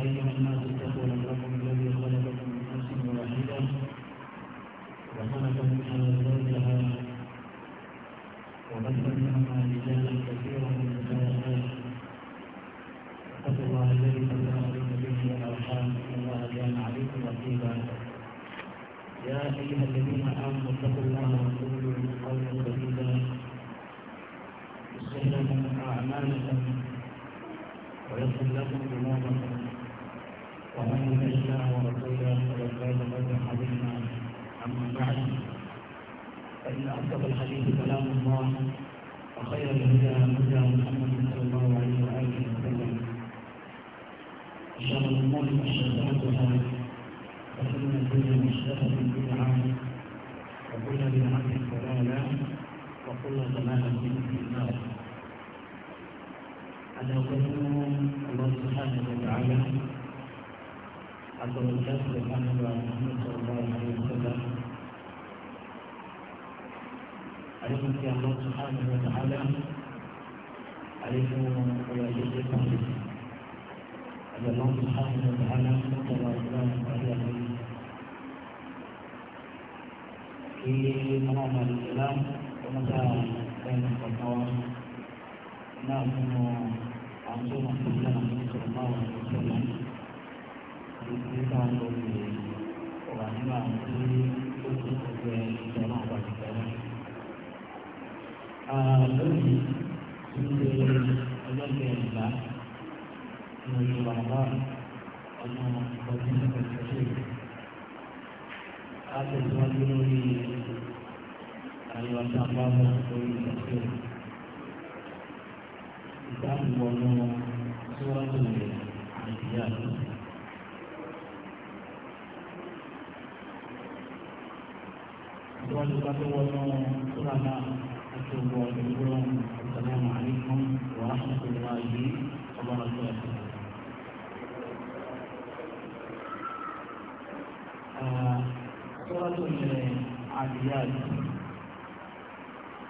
عليه وسلم السلام عليكم ورحمة الله وبركاته سورة العاديات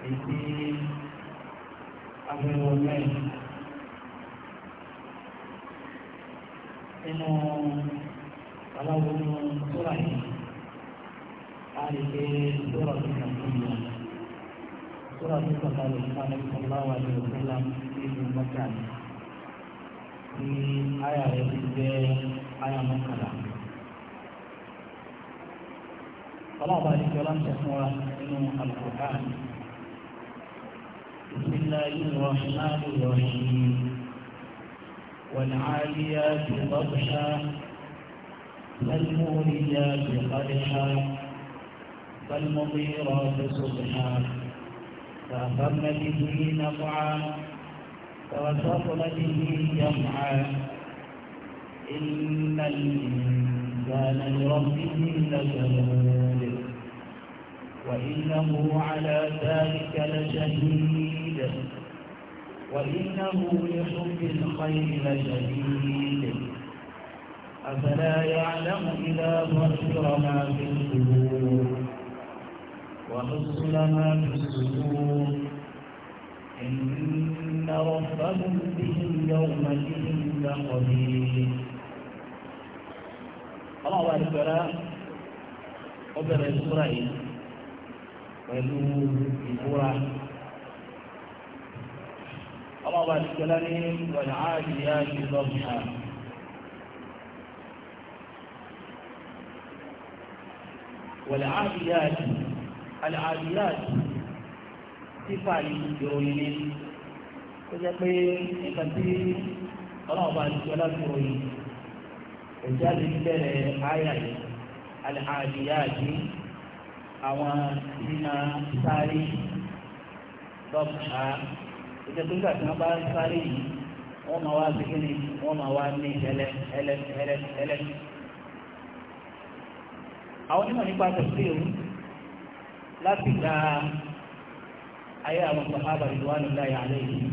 التي أبو nínú aláwòrán sọ́ra yìí a lè ṣe sọ́ra tó kàn fún mi. قرآن قال صلى الله عليه وسلم في المكان في آية الجزء آية مكرة صلى الله عليه وسلم تسمى بسم الله الرحمن الرحيم والعاليات بطشا فالموليات قدحا فالمطيرات سبحا فأخذن به نفعا فوسطن به جمعا إن الإنسان لربه لشهود وإنه على ذلك لشهيد وإنه لحب الخير لشهيد أفلا يعلم إذا بشر ما في الصدور ونزل ما في الصدور إن ربهم بهم يومئذ لخبير الله أعلم بلا أبر إسرائيل ولو الكرة الله أعلم بلا والعاديات ضبحا والعاديات al-adiyat sífà ìròyìn ni tó jẹ́ pé nǹkan tí ọlọ́run bá ti ọlá ti ròyìn ẹ̀já lè bẹ̀rẹ̀ àyà yìí al-adiyat àwọn ìrìnà sáré lọ́pàá ìjẹ́ tó gbà tí wọ́n bá sáré yìí wọ́n máa wá síkí ni wọ́n máa wá ní ẹlẹ́ àwọn onímọ̀ nípa tẹ̀síìrù láti gba ayé àwọn sàhábà ìdúwánu láyé alẹ́ yìí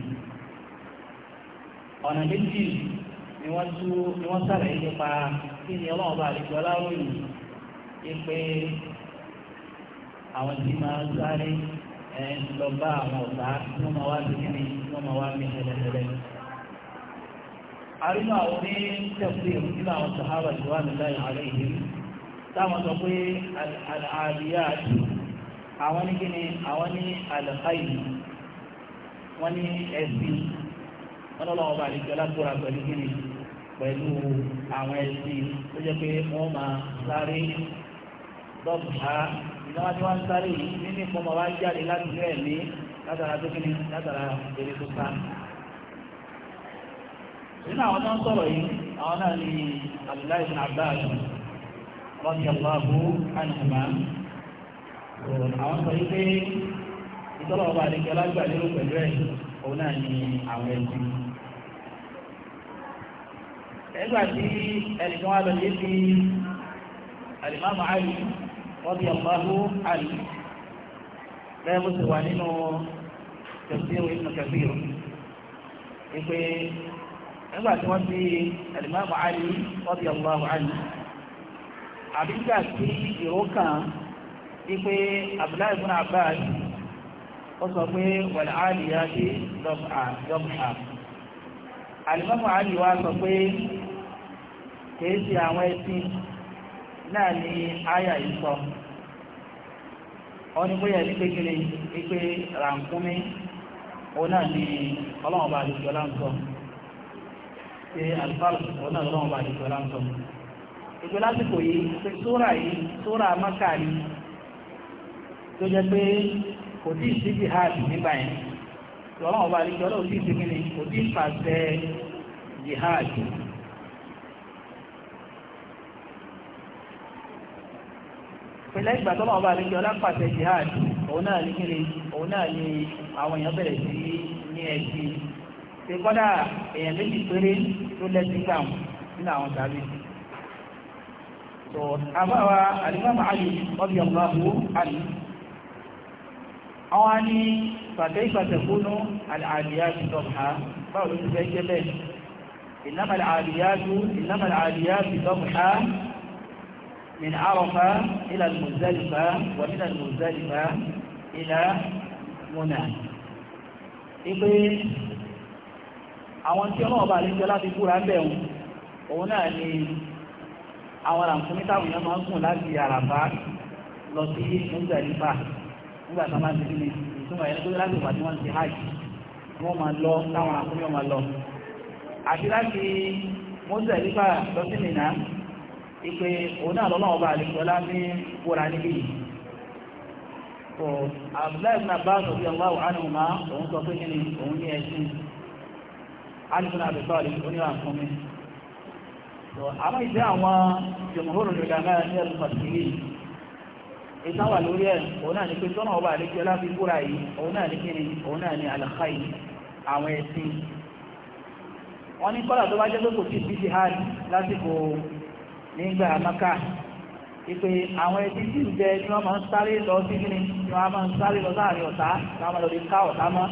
ọ̀nà méjì ni wọ́n tú ni wọ́n sàlàyé nípa kí ni ọlọ́run bá àlejò ọláròyìn yìí pé àwọn tí máa ń sáré ẹ̀ ń lọ bá àwọn ọ̀tá tí wọ́n máa wá sí kíni tí wọ́n máa wá mí tẹ́lẹ̀tẹ́lẹ̀. àrínú àwọn ní tẹ̀sí nínú àwọn sàhábà ìdúwánu láyé alẹ́ yìí táwọn sọ pé àlàyé àti àwọn ní kíni àwọn ní àlùfáìlì wọ́n ní ẹ̀sìn wọ́n lọ́wọ́ ọba àlejò alágbóra pẹ̀lú kíni pẹ̀lú àwọn ẹ̀sìn tó jẹ́ pé wọ́n máa sáré dọ́bù ha ìdáwà tí wọ́n ń sáré yìí nínú ìfọ́mọ̀ wá jáde láti rẹ̀ ní látara tó kíni látara eré tó sá. nínú àwọn tó ń sọ̀rọ̀ yìí àwọn náà ní Abdullahi bin Abbas radiyallahu anhuma àwọn sọ yìí pé ìtọ́lọ̀ ọba àdìgbẹ́ alágbà lérò pẹ̀lú ẹ̀ òun náà ni àwọn ẹ̀sìn. ẹgbà tí ẹnìkan wà lọ́dẹ̀ sí alimami ali rọ́bì ọ̀pọ̀lọpọ̀ ali bẹ́ẹ̀ bó ti wà nínú kẹfìrì ìnù kẹfìrì ìpè ẹgbà tí wọ́n ti alimami ali rọ́bì ọ̀pọ̀lọpọ̀ ali àbígbà tí ìró kan. wípé abdullahi abbas ó sọ pé wàlẹ̀ áàlì yá sí dọ́kà alimọ́mọ́ wa sọ pé kìí ṣe àwọn ẹṣin náà ni àyà yìí sọ wọ́n ní bóyá ní pékeré wípé ràǹkúnmí òun náà ni ọlọ́wọ́n bá àdìsí ọlá ń sọ ṣe alifal òun náà tó jẹ́ pé kò tí ì sí jihad nígbà yẹn lọ́wọ́n ọba àlejò ọlọ́run tí ì sí kíni kò tí ì pàṣẹ jihad. pẹ̀lẹ́ ìgbà tọ́lọ́wọ́n ọba àlejò ọlá pàṣẹ jihad òun náà ní kíni òun náà ní àwọn èèyàn bẹ̀rẹ̀ sí ní ẹ̀sìn ṣe kọ́dà èèyàn méjì péré tó lẹ́sìn gbà nínú àwọn tàbí so àbáwa àdìgbàmọ́ Ali. ọbẹ̀ ọ̀gbà wo àwọn ní fàtẹ́ ìfàtẹ̀kúnú àlàáríyájú tọ́pá báwo ló ti fẹ́ jẹ́ bẹ́ẹ̀ ìnáma àlàáríyájú tọ́pá من عرفة إلى المزدلفة ومن المزدلفة إلى منى ipe àwọn tí ọlọ́wọ́ bá lẹ́jọ́ láti fúra bẹ̀rún òun náà ni àwọn àǹfààní táwọn èèyàn máa ń gùn láti àràbá lọ sí mùsùlùmí nígbà tó máa ń tẹ́lẹ̀ ìtumọ̀ ẹ̀rẹ́ tó láti ìgbà tí wọ́n ti hajj wọ́n máa lọ táwọn akúnyọ́ máa lọ àti láti mọ́sẹ̀ nípa lọ́sí nìyà ìpè òun náà lọ́nà ọba àlejòọlá ní wúra níbí Abdullahi ibn Abbas òbí ọlá òhánù máa òun sọ pé kíni òun ní ẹ̀sìn alìfúnà àbẹ̀tọ́ọ̀lì oníwà fún mi àwọn ìdí àwọn jùmọ̀hóró lè dàgbà ní ẹ̀rù pàtàkì yìí ìta wà lórí ẹ̀ òun náà ni pé tọ́nà ọba àlejò aláfi búra yìí òun náà ni kíni òun náà ni àlàkáì àwọn ẹ̀sìn wọ́n ní kọ́là tó bá jẹ́ pé kò sí bíi jihad lásìkò nígbà maka ìpè àwọn ẹ̀sìn tí ń bẹ ni wọ́n máa ń sáré lọ sí kíni ni wọ́n máa ń sáré lọ láàrin ọ̀tá táwọn lọ́ọ́ lè ká ọ̀tá mọ́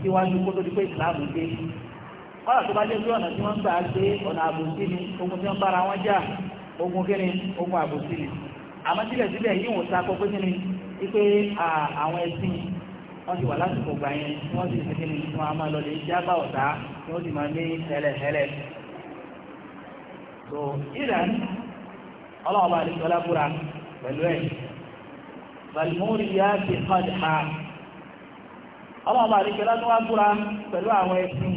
síwájú kó tó di pé ìsìláàmù dé kọ́là tó bá jẹ́ pé ọ̀nà tí wọ́n ń gbà gbé ọ̀nà àbòsí ni ogun tí wọ́n bára wọn jà ogun kíni ogun àbòsí ni àmọ́ síbẹ̀síbẹ̀ yìí wọ́n sá kọ́kọ́ sí ni wípé àwọn ẹ̀sìn wọ́n ti wà lásìkò gbà yẹn tí wọ́n sì ṣe ní wọn a máa lọ lè jábà ọ̀tá tí wọ́n sì máa ní hẹ́lẹ̀hẹ́lẹ̀. so iran ọlọ́wọ́ bá àdéhùn ọlábúra pẹ̀lú ẹ̀ balimori yá ti kọ́ọ̀dì ha ọlọ́wọ́ bá àdéhùn ọlábúra pẹ̀lú àwọn ẹ̀sìn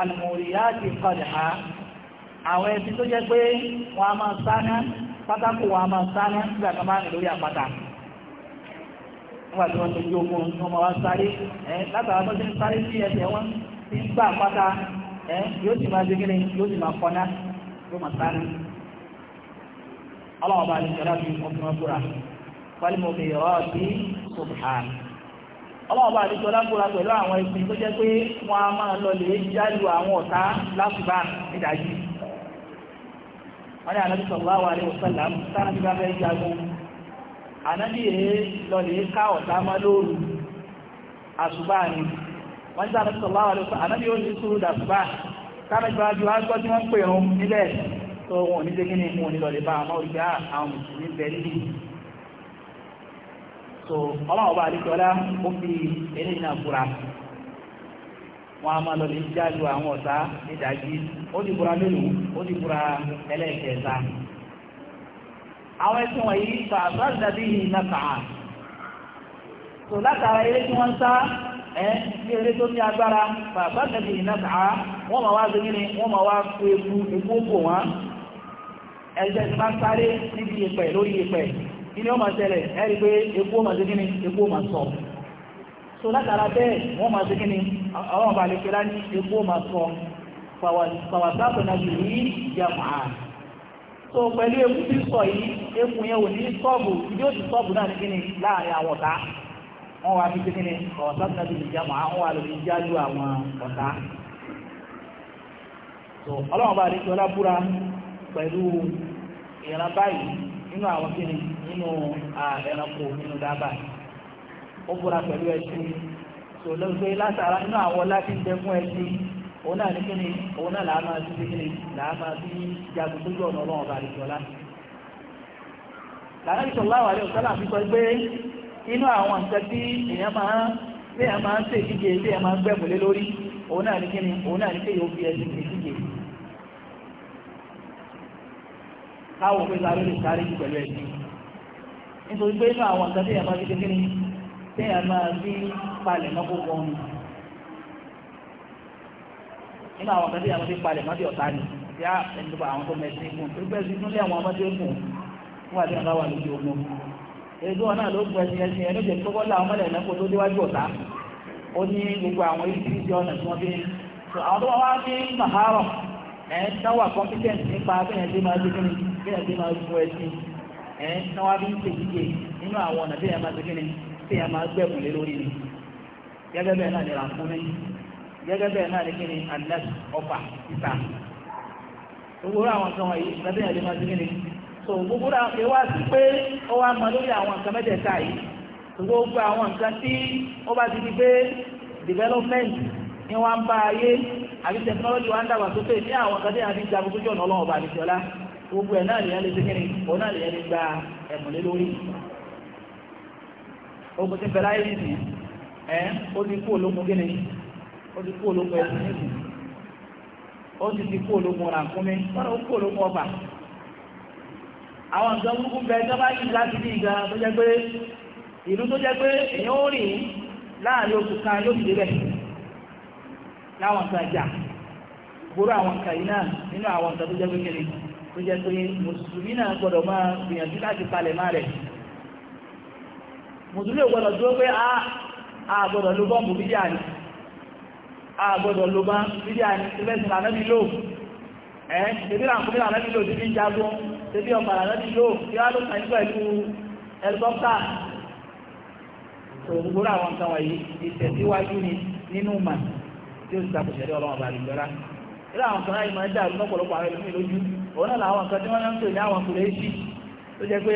alimori yá ti kọ́ọ̀dì ha àwọn ẹ̀sìn tó jẹ́ pé wọ́n a máa sáná pátákó wa máa sáná nígbà kan máa rìn lórí àpáta nígbà wọ́n ti ogun sáré látara tó ti ń sáré sí ẹsẹ̀ wọn ti ń gbà yóò sì máa yóò sì máa kọ́ná máa ọlọ́wọ́ bá mo fi rọ́ sí subhan ọlọ́wọ́ bá pẹ̀lú àwọn tó jẹ́ pé wọ́n á máa lọ lè àwọn ọ̀tá wani ní ànábì sallallahu alaihi wasallam tánàbí bá fẹ́ jagun ànábì èé lọlẹ̀ ká ọ̀tá má lóòrù àṣùbá ni wọ́n ní tánàbí sallallahu alaihi wasallam ànábì ó ní sùúrù dàṣùbá tánàbí bá ju ma ah, fura wọn a máa lọ lè jálu àwọn ọ̀tá nídàájí ó ti búra mélòó ó ti búra ẹlẹ́ẹ̀kẹta àwọn ẹ̀sìn wọ̀nyí fàbá dàbí ìnàkà tó látara eré tí wọ́n sá ẹ́ ní eré tó ní agbára dàbí wọ́n máa wá wọ́n máa wá eku eku ó bò wọ́n ti máa sáré níbi lórí kí ni máa rí i pé eku ó máa eku ó máa sọ. so látara bẹ́ẹ̀ wọ́n máa ṣe kíni àwọn ọba àlekela ní epo máa sọ fàwàsáàtọ̀ náà yìí ní ìjàmà so pẹ̀lú epo tí sọ yìí epo yẹn ò ní sọ́ọ̀bù ìdí òsì sọ́ọ̀bù náà ní kíni láàrin àwọn ọ̀tá wọ́n wá fi ṣe kíni fàwàsáàtọ̀ náà yìí ìjàmà wọ́n wá lò ní jájú àwọn ọ̀tá so ọlọ́run ọba àlekela búra pẹ̀lú ìran báyìí nínú àwọn kíni nínú ẹranko nínú dábàá ó búra pẹ̀lú ẹṣin tó ló gbé látara nínú àwọn láti ń dẹkún ẹṣin òun náà ní kíni òun náà làá máa fi kíni làá máa fi jagun tó gbọ̀nà ọlọ́run ọba àdìsọ́lá. làrá ìṣọ̀lá wà lé òṣèlú àfi sọ pé inú àwọn nǹkan tí èèyàn máa bí èèyàn máa ń ṣe ìdíje bí èèyàn máa ń gbẹ̀mùlé lórí òun náà ní kíni òun náà ní kéèyàn ó fi ẹṣin ìdíje. káwọn òfin sáré lè sáré jù pẹ̀lú ẹṣin nítorí pé inú àwọn nǹkan tí èèyàn máa fi ṣe kíni téèyàn máa fi palẹ̀ mọ́ gbogbo ọ̀nà nínú àwọn kan téèyàn fi palẹ̀ mọ́ bí ọ̀tá ni tí a ẹni tó bá àwọn tó mẹ́sìn ikú tó gbẹ́ sí nílé àwọn ọmọdé kù fún àti àbáwá lójú ogun èdè wọn náà ló gbọ́ ẹsìn ẹsìn ẹni jẹ́ kókó láwọn mọ́lẹ̀ ẹ̀lẹ́kọ̀ọ́ tó déwájú ọ̀tá ó ní gbogbo àwọn ìdíje ọ̀nà tí wọ́n fi ń àwọn tó wá ní màhárọ̀ ẹ̀ dáwà competent nípa bẹ́ẹ̀ ṣe máa ṣe kíni bẹ́ẹ̀ ṣe máa ṣe ẹsìn ẹ̀ náwó bí ń ṣe ìdíje nínú àwọn ọ̀nà bẹ́ẹ̀ tí a máa gbẹ̀bùn lé lórí ni gẹ́gẹ́ bẹ́ẹ̀ náà ni ràkúnmí gẹ́gẹ́ bẹ́ẹ̀ náà ni kíni anas ọfà títà gbogbo àwọn nǹkan wọ̀nyí lábẹ́ ìyàlẹ́ máa ti kíni so gbogbo ewa sí pé ó wá mọ lórí àwọn nǹkan mẹ́tẹ̀ẹ̀ta yìí gbogbo àwọn nǹkan tí ó bá ti di pé development ni wọ́n ń bá ayé àbí technology wa ń dàgbà sókè ní àwọn nǹkan tí a ti jagun sójú ọ̀nà ọlọ́run ọba àdìsọ́lá gbogbo ẹ̀ náà lè yẹn lè ṣe kíni òun náà lè yẹn lè gba ẹ̀mùlé lórí ogun ti bẹ̀rẹ̀ ayé ẹ́ ó ti kú ológun gíní ó ti kú ológun ẹ̀sìn nìyí ó ti ti kú ológun ó kú ológun àwọn bẹ bá láti bí ìgbà tó jẹ́ pé ìlú tó jẹ́ pé èèyàn ó rìn láàrin oṣù kan yóò débẹ̀ láwọn ìjà gbóró àwọn yìí náà nínú mùsùlùmí ògbọ́dọ̀ dúró pé ah, a gbọ́dọ̀ ló bọ́m̀bù bídíà ni a gbọ́dọ̀ ló bá bídíà ni tí fẹ́sìn ànábì lò ẹ́ tẹbí ràǹkúmí ànábì lò tí fi ń jagun tẹbí ọmọ ànábì lò tí wá ló kàn pẹ̀lú ẹlẹ́kọ́pítà gbogbo àwọn nǹkan wọ̀nyí ìtẹ̀síwájú ni nínú mà tí ó ti ta kòṣẹ̀lẹ̀ ọlọ́run bá rí lọ́ra ilé àwọn kan láì máa ń dàrú lọ́pọ̀lọpọ̀ àwọn ẹlòmíì lójú òun náà làwọn kan tí wọ́n ń pè ní àwọn kùrẹ́sì tó jẹ́ pé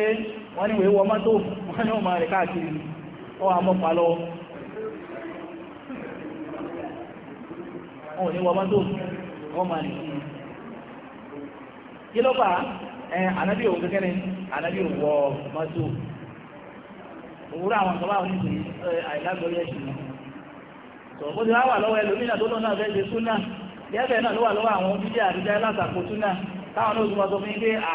wọ́n ní wèéwọ mọ́tò wọ́n ní ọmọ rẹ̀ káàkiri ọ àmọ́pàá lọ wọn ò ní wọ mọ́tò wọ́n máa nìyí kí ló bá ẹ ànábì òun kékeré ànábì òun wọ mọ́tò òwúrọ̀ àwọn ìjọba àwọn ìgbè àìlágbórí ẹ̀sìn náà tó bó ti wá wà lọ́wọ́ ẹlòmínà tó lọ́nà fẹ́ ṣe súnà yẹ́fẹ̀ẹ́ náà ló wà lọ́wọ́ àwọn bídíà àdújá látàkó súnà táwọn náà tún wọ́n sọ fún à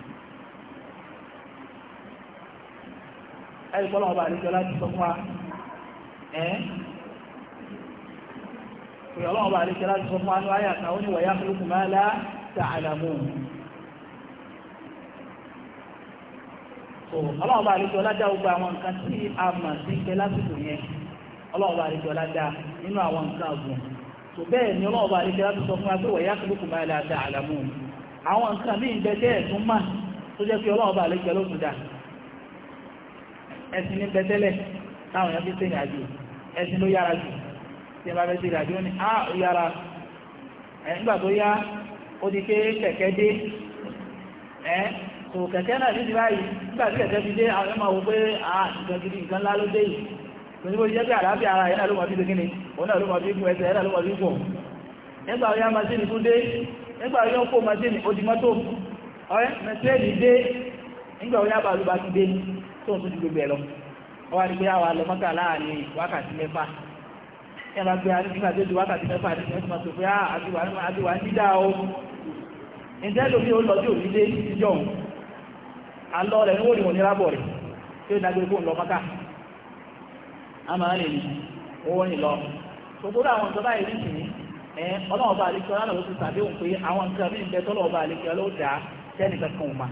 ẹ̀rí pọ́lọ́ ọba àdéjọ láti sọ fún wa ẹ́ pé ọba àdéjọ láti sọ fún wa ní wáyà kan ó ní wọ̀yá fúlùkù máa lá tààlàmù ọba àdéjọ ládá gbogbo àwọn nǹkan tí a mọ̀ sí pé lásìkò yẹn ọlọ́run ọba ládá nínú àwọn nǹkan tó bẹ́ẹ̀ ni ọlọ́run ọba àdéjọ láti sọ fún wa pé àwọn nǹkan ẹ̀sìn ní pẹ̀tẹ́lẹ̀ táwọn èèyàn fi ṣèrìn àjò ẹ̀sìn ló yára jù tí ẹ bá fẹ́ ṣèrìn àjò ní á ó yára ẹ̀ nígbà tó yá ó di pé kẹ̀kẹ́ dé ẹ̀ tó kẹ̀kẹ́ náà ní ti báyìí nígbà tí kẹ̀kẹ́ fi dé àwọn ọmọ wo pé à nǹkan gidi nǹkan ńlá ló dé yìí tòun jẹ́ pé ara náà ló mọ̀ òun náà ló mọ̀ tó ń tún ju gbogbo ẹ̀ lọ wọ́n wá ní pé àwọn alọ́mọ́tà láàrin wákàtí mẹ́fà ẹ máa gbé àdúgbò àti ojú wákàtí mẹ́fà àti ẹ̀sùn máa tó pé àdúwà ah, dídá o ǹjẹ́ lómi ó lọ sí òní dé ìjọ òun alọ́ rẹ̀ ní wọ́n ní wọ́n ní rábọ̀ rẹ̀ tí ó dágbé fóun lọ mọ́ká a máa lè owó ní lọ gbogbo àwọn nǹkan báyìí ní ìsìn ẹ ọlọ́wọ́ bá àlekí ọlọ́wọ́ ti sàdéhùn pé àwọn nǹkan bí nǹkan tọ́lọ́wọ́ bá àlekí ọlọ́wọ́ dá sẹ́nìkan kan ò máa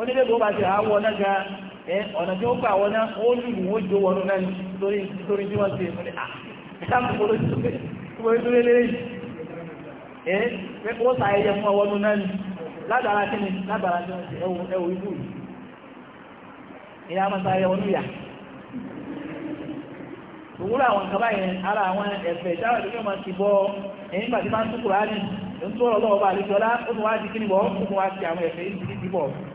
onye ní lẹ́gbẹ̀ẹ́ bá ti àwọ̀ ọ̀nà ga ẹ ọ̀nà tí ó gbà wọn náà ó lù wọ́n jó wọnú náà nítorí tí wọ́n ti ní tó lé ẹ sa ẹyẹ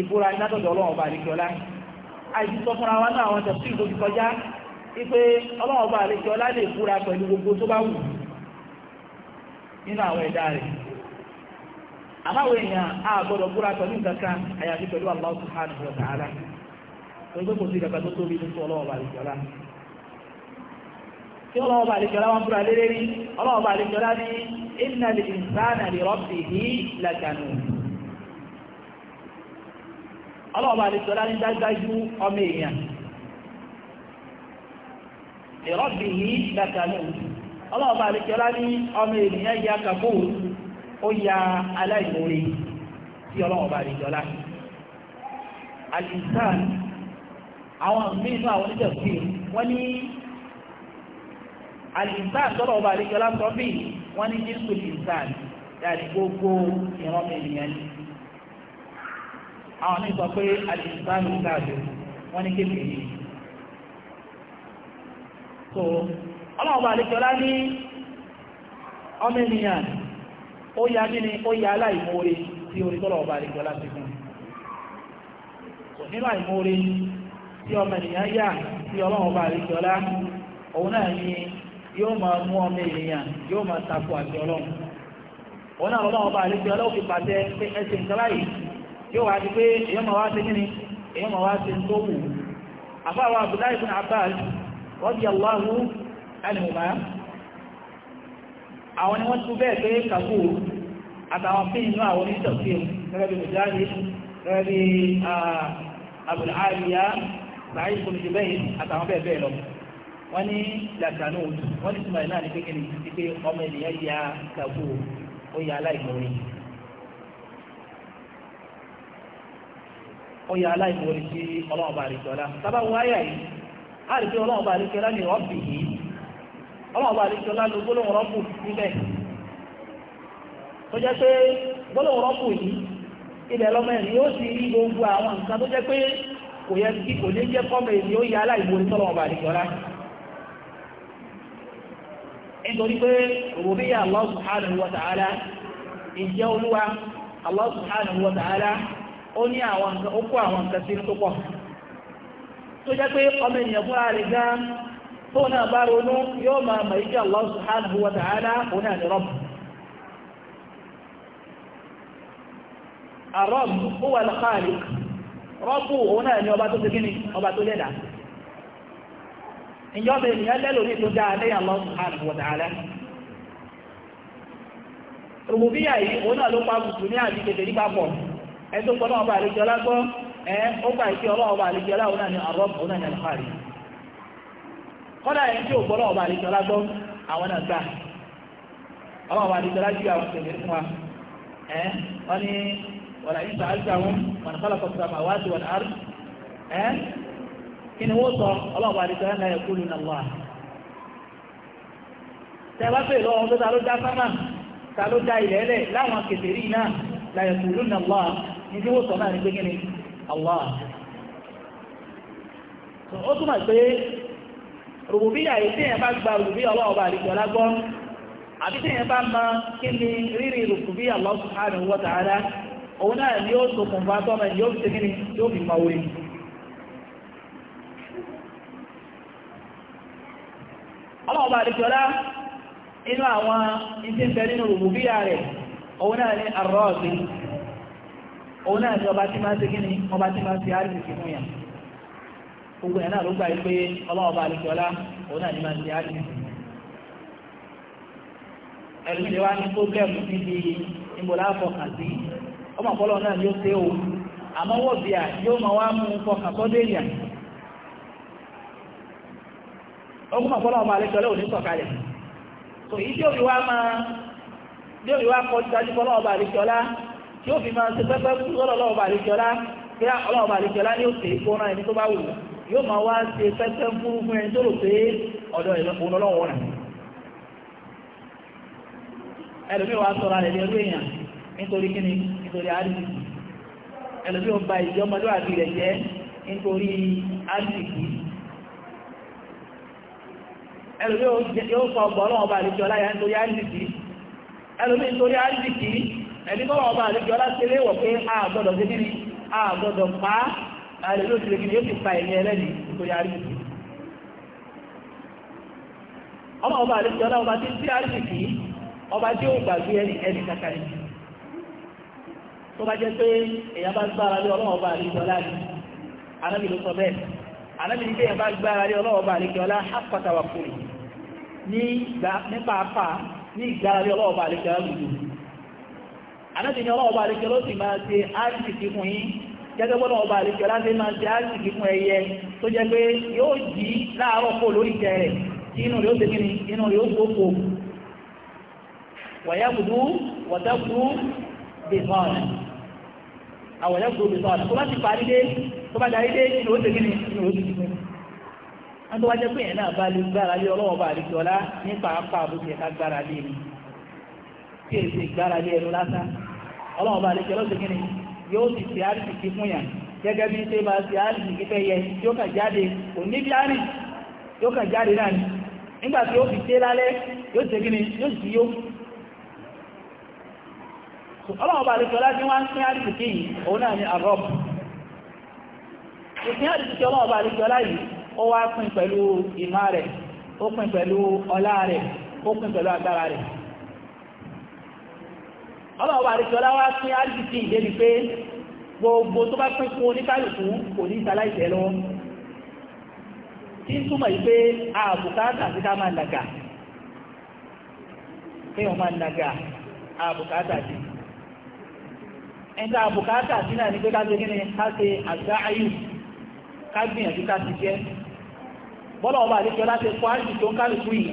Ipura látọ̀dọ̀ ọlọ́run ọba àlejòọlá àìsí sọ fúnra wa náà àwọn tẹ̀sí ìlú kọjá wípé ọlọ́run ọba àlejòọlá lè búra pẹ̀lú gbogbo tó bá wù nínú àwọn ẹ̀dá rẹ̀ àbáwọ̀ èèyàn á gbọ́dọ̀ búra pẹ̀lú kankan àyàfi pẹ̀lú Allah subhanahu ta'ala tó gbé tó tóbi ọlọ́run ọba àlejòọlá ọlọ́ọ̀bá àlejòlá ní dájúdájú ọmọ èèyàn ìrọ́bì yìí dàkàlù ọlọ́ọ̀bá àlejòlá ní ọmọ ènìyàn ya kàkó ó ya aláìmoore sí ọlọ́ọ̀bá àlejòlá alìsàn àwọn mínú àwọn oníjẹ̀sí wọ́n ní alìsàn tọ́lọ̀ọ̀bá àlejòlá sọ bí wọ́n ní jésù alìsàn yàrá gbogbo ìrọ́mọ ènìyàn ni àwọn ní sọ pé alìsánù káàdì wọ́n ní yìí so ọlọ́ọ̀bà alìsọ́lá ní ọmọ ènìyàn ó yá nínú ó yá aláìmóore tí orí tọ́lọ̀ọ̀bà ti fún so nínú àìmóore tí ọmọ ènìyàn ya tí ọlọ́ọ̀bà ọba òun náà ni yóò máa mú ọmọ ènìyàn yóò máa tako àti ọlọ́run òun náà ọba fi pé ẹsẹ̀ yóò wá di pé èyàn máa wá sí kíni èyàn máa wá sí tó wù àbáwà Abdullahi ibn Abbas radiyallahu anhuma àwọn ni wọ́n tún bẹ́ẹ̀ pé kàkú àtàwọn fíìn inú àwọn onítọ̀sí gẹ́gẹ́ bí mùjáde gẹ́gẹ́ bí Abul Aliya Sa'id ibn Jubayr àtàwọn bẹ́ẹ̀ bẹ́ẹ̀ lọ wọ́n ní ó yà aláìmọ̀rin ọyà aláìmọ̀rí sí ọlọ́ọ̀bà àríkọ́lá sábà wọ àyà yìí àrí pé ọlọ́ọ̀bà àríkọ́lá ni rọ́bì yìí ọlọ́ọ̀bà àríkọ́lá ló gbólóhùn rọ́bù níbẹ̀ tó jẹ́ pé gbólóhùn yìí ilẹ̀ lọ́mọ ẹ̀ sì rí gbogbo àwọn nǹkan tó jẹ́ pé kò yẹ kí kò ní jẹ́ kọ́mọ ó ya aláìmọ̀rí nítorí pé Allah subhanahu wa ta'ala ó ní àwọn nǹkan ó kó àwọn nǹkan sínú tó pọ̀ tó jẹ́ pé ọmọ ènìyàn fúnra rẹ̀ gan tó náà bá ronú yóò máa mọ̀ ìjọ Allah subhanahu wa ta'ala òun ní rọ́bù àrọ́bù ó wà náà ní ọba tó ti ọba tó lẹ́dà ìjọba ènìyàn lẹ́lò ní tó dáa lẹ́yìn Allah subhanahu wa rùgbùbíyà yìí náà ló pa ẹni náà ọba àlejò ọlágbọ́ ẹ ọba àlejò ọláwọ́ náà ni àrọ́bù náà ni àlùfáàrí kọ́dà ẹni ò gbọ́ àlejò àwọn ọba àlejò ọlájú àwọn tẹ̀lé fún wa ẹ ọba ní tí wọ́n sọ náà ní pé Allah ó túmọ̀ pé rùbùbíyà yìí tí bá gba rùbùbíyà ọlọ́ọ̀bà àdìgbò lágbọ́ àbí tí èèyàn bá ma kí ni rírì rùbùbíyà Allah inú àwọn nínú rẹ̀ òun náà òun náà ni ọba tí máa ń ṣe ọba tí máa ń fi àrísìkí fún yàn gbogbo yẹn náà ló gbà yí pé ọlọ́ọ̀ba àlejòọlá òun náà ni máa ń fi àrísìkí ẹ̀lùmí lè wá ní pọ́blẹ́mù náà yóò ṣe o àmọ́ wọ́n bí yóò máa wá mú fọkàn sọ́dọ̀ èèyàn ọgbọ́n ọ̀pọ̀lọ́ òní sọ̀kalẹ̀ yóò fi máa ṣe pẹ́pẹ́ lọ́dọ̀ ọlọ́ọ̀bà àlejòlá pé ọlọ́ọ̀bà àlejòlá ní òkè ìkóná ẹni tó bá wù yóò máa wá ṣe pẹ́pẹ́ fúrú fún ẹni tó rò pé ọ̀dọ̀ ìlọ́pọ̀ ọlọ́wọ́ rẹ̀ ẹlòmíì wàá sọ̀rọ̀ àlẹ́ ẹlú èèyàn nítorí kíni nítorí àdìsí ẹlòmíì ò ba ìdí ọmọdé àbí rẹ̀ jẹ́ nítorí àdìsí ẹlòmíì yóò fọ ọgbọ́n ọlọ́wọ́ bá àlejòlá yà nítorí àdìsí ẹlòmíì nítorí àdìsí ẹni tó wọ́n ọba àlejò ọlásílẹ̀ wọ̀ pé a gbọ́dọ̀ sí a gbọ́dọ̀ pa á àlejò òṣèlè kìí yóò ti pa ẹ̀mí ẹlẹ́ni tó yarí ọmọ ọba àlejò ọba tí ń tí àríkì ọba tí ó gbàgbé ẹni ẹni kankan ni tó bá jẹ́ pé bá gbára lé ọlọ́wọ́ ọba àlejò anábì ló sọ bẹ́ẹ̀ anábì ní bá gbára lé ọlọ́wọ́ àlejò anábì ni ọlọ́ọ̀bá àríkẹ́ ló sì máa ṣe áàrìsì kíkún yín gẹ́gẹ́ bọ́lá ọba àríkẹ́ láti máa ṣe áàrìsì kíkún ẹyẹ tó jẹ́ pé yóò jí láàárọ̀ kó lórí ìtẹ́ rẹ̀ inú rẹ̀ ó ṣe kíni inú rẹ̀ ó gbókò wàyàgùdú wàtàkù bìtọ́ọ̀nà àwọ̀yàgùdú bìtọ́ọ̀nà tó bá ti parí dé tó bá darí dé inú ó ṣe kíni inú rẹ̀ ó ṣe kíni wọ́n tó wá jẹ́ pé yẹn náà bá lè gbára lé ọlọ́wọ́ bá àríkẹ́ ọlá nípa apá àbúkẹ́ ká gbára lé ni tí èsì ìgbára lé ẹnu lásán ọlọ́run bá yóò sì ṣe àríṣìkí fún yàn gẹ́gẹ́ bí ṣe máa ṣe àríṣìkí fẹ́ yẹ tí kàn jáde kò ní bí àrìn yóò kàn jáde náà ni nígbà tí ó fi ṣe lálẹ́ yóò ṣe yóò sì yó bá yìí òun náà ni àrọ́b ó pín pẹ̀lú ọlá rẹ̀ ó ọlọ́ọ̀bà àríṣọ́lá wá sí rdc ìdébi pé gbogbo tó bá pín fún oníkálùkù kò ní ìsàláìsẹ̀ lọ tí ń túmọ̀ yìí pé àbùkátà sí ká máa nàgà kéèyàn máa nàgà àbùkátà sí ẹ̀ka àbùkátà sí náà ní pé ká ṣe kí ni ká ṣe àgbá ayù ká gbìyànjú ká ti jẹ́ bọ́lọ̀ ọba àríṣọ́lá ṣe kó rdc tó ń kálùkù yìí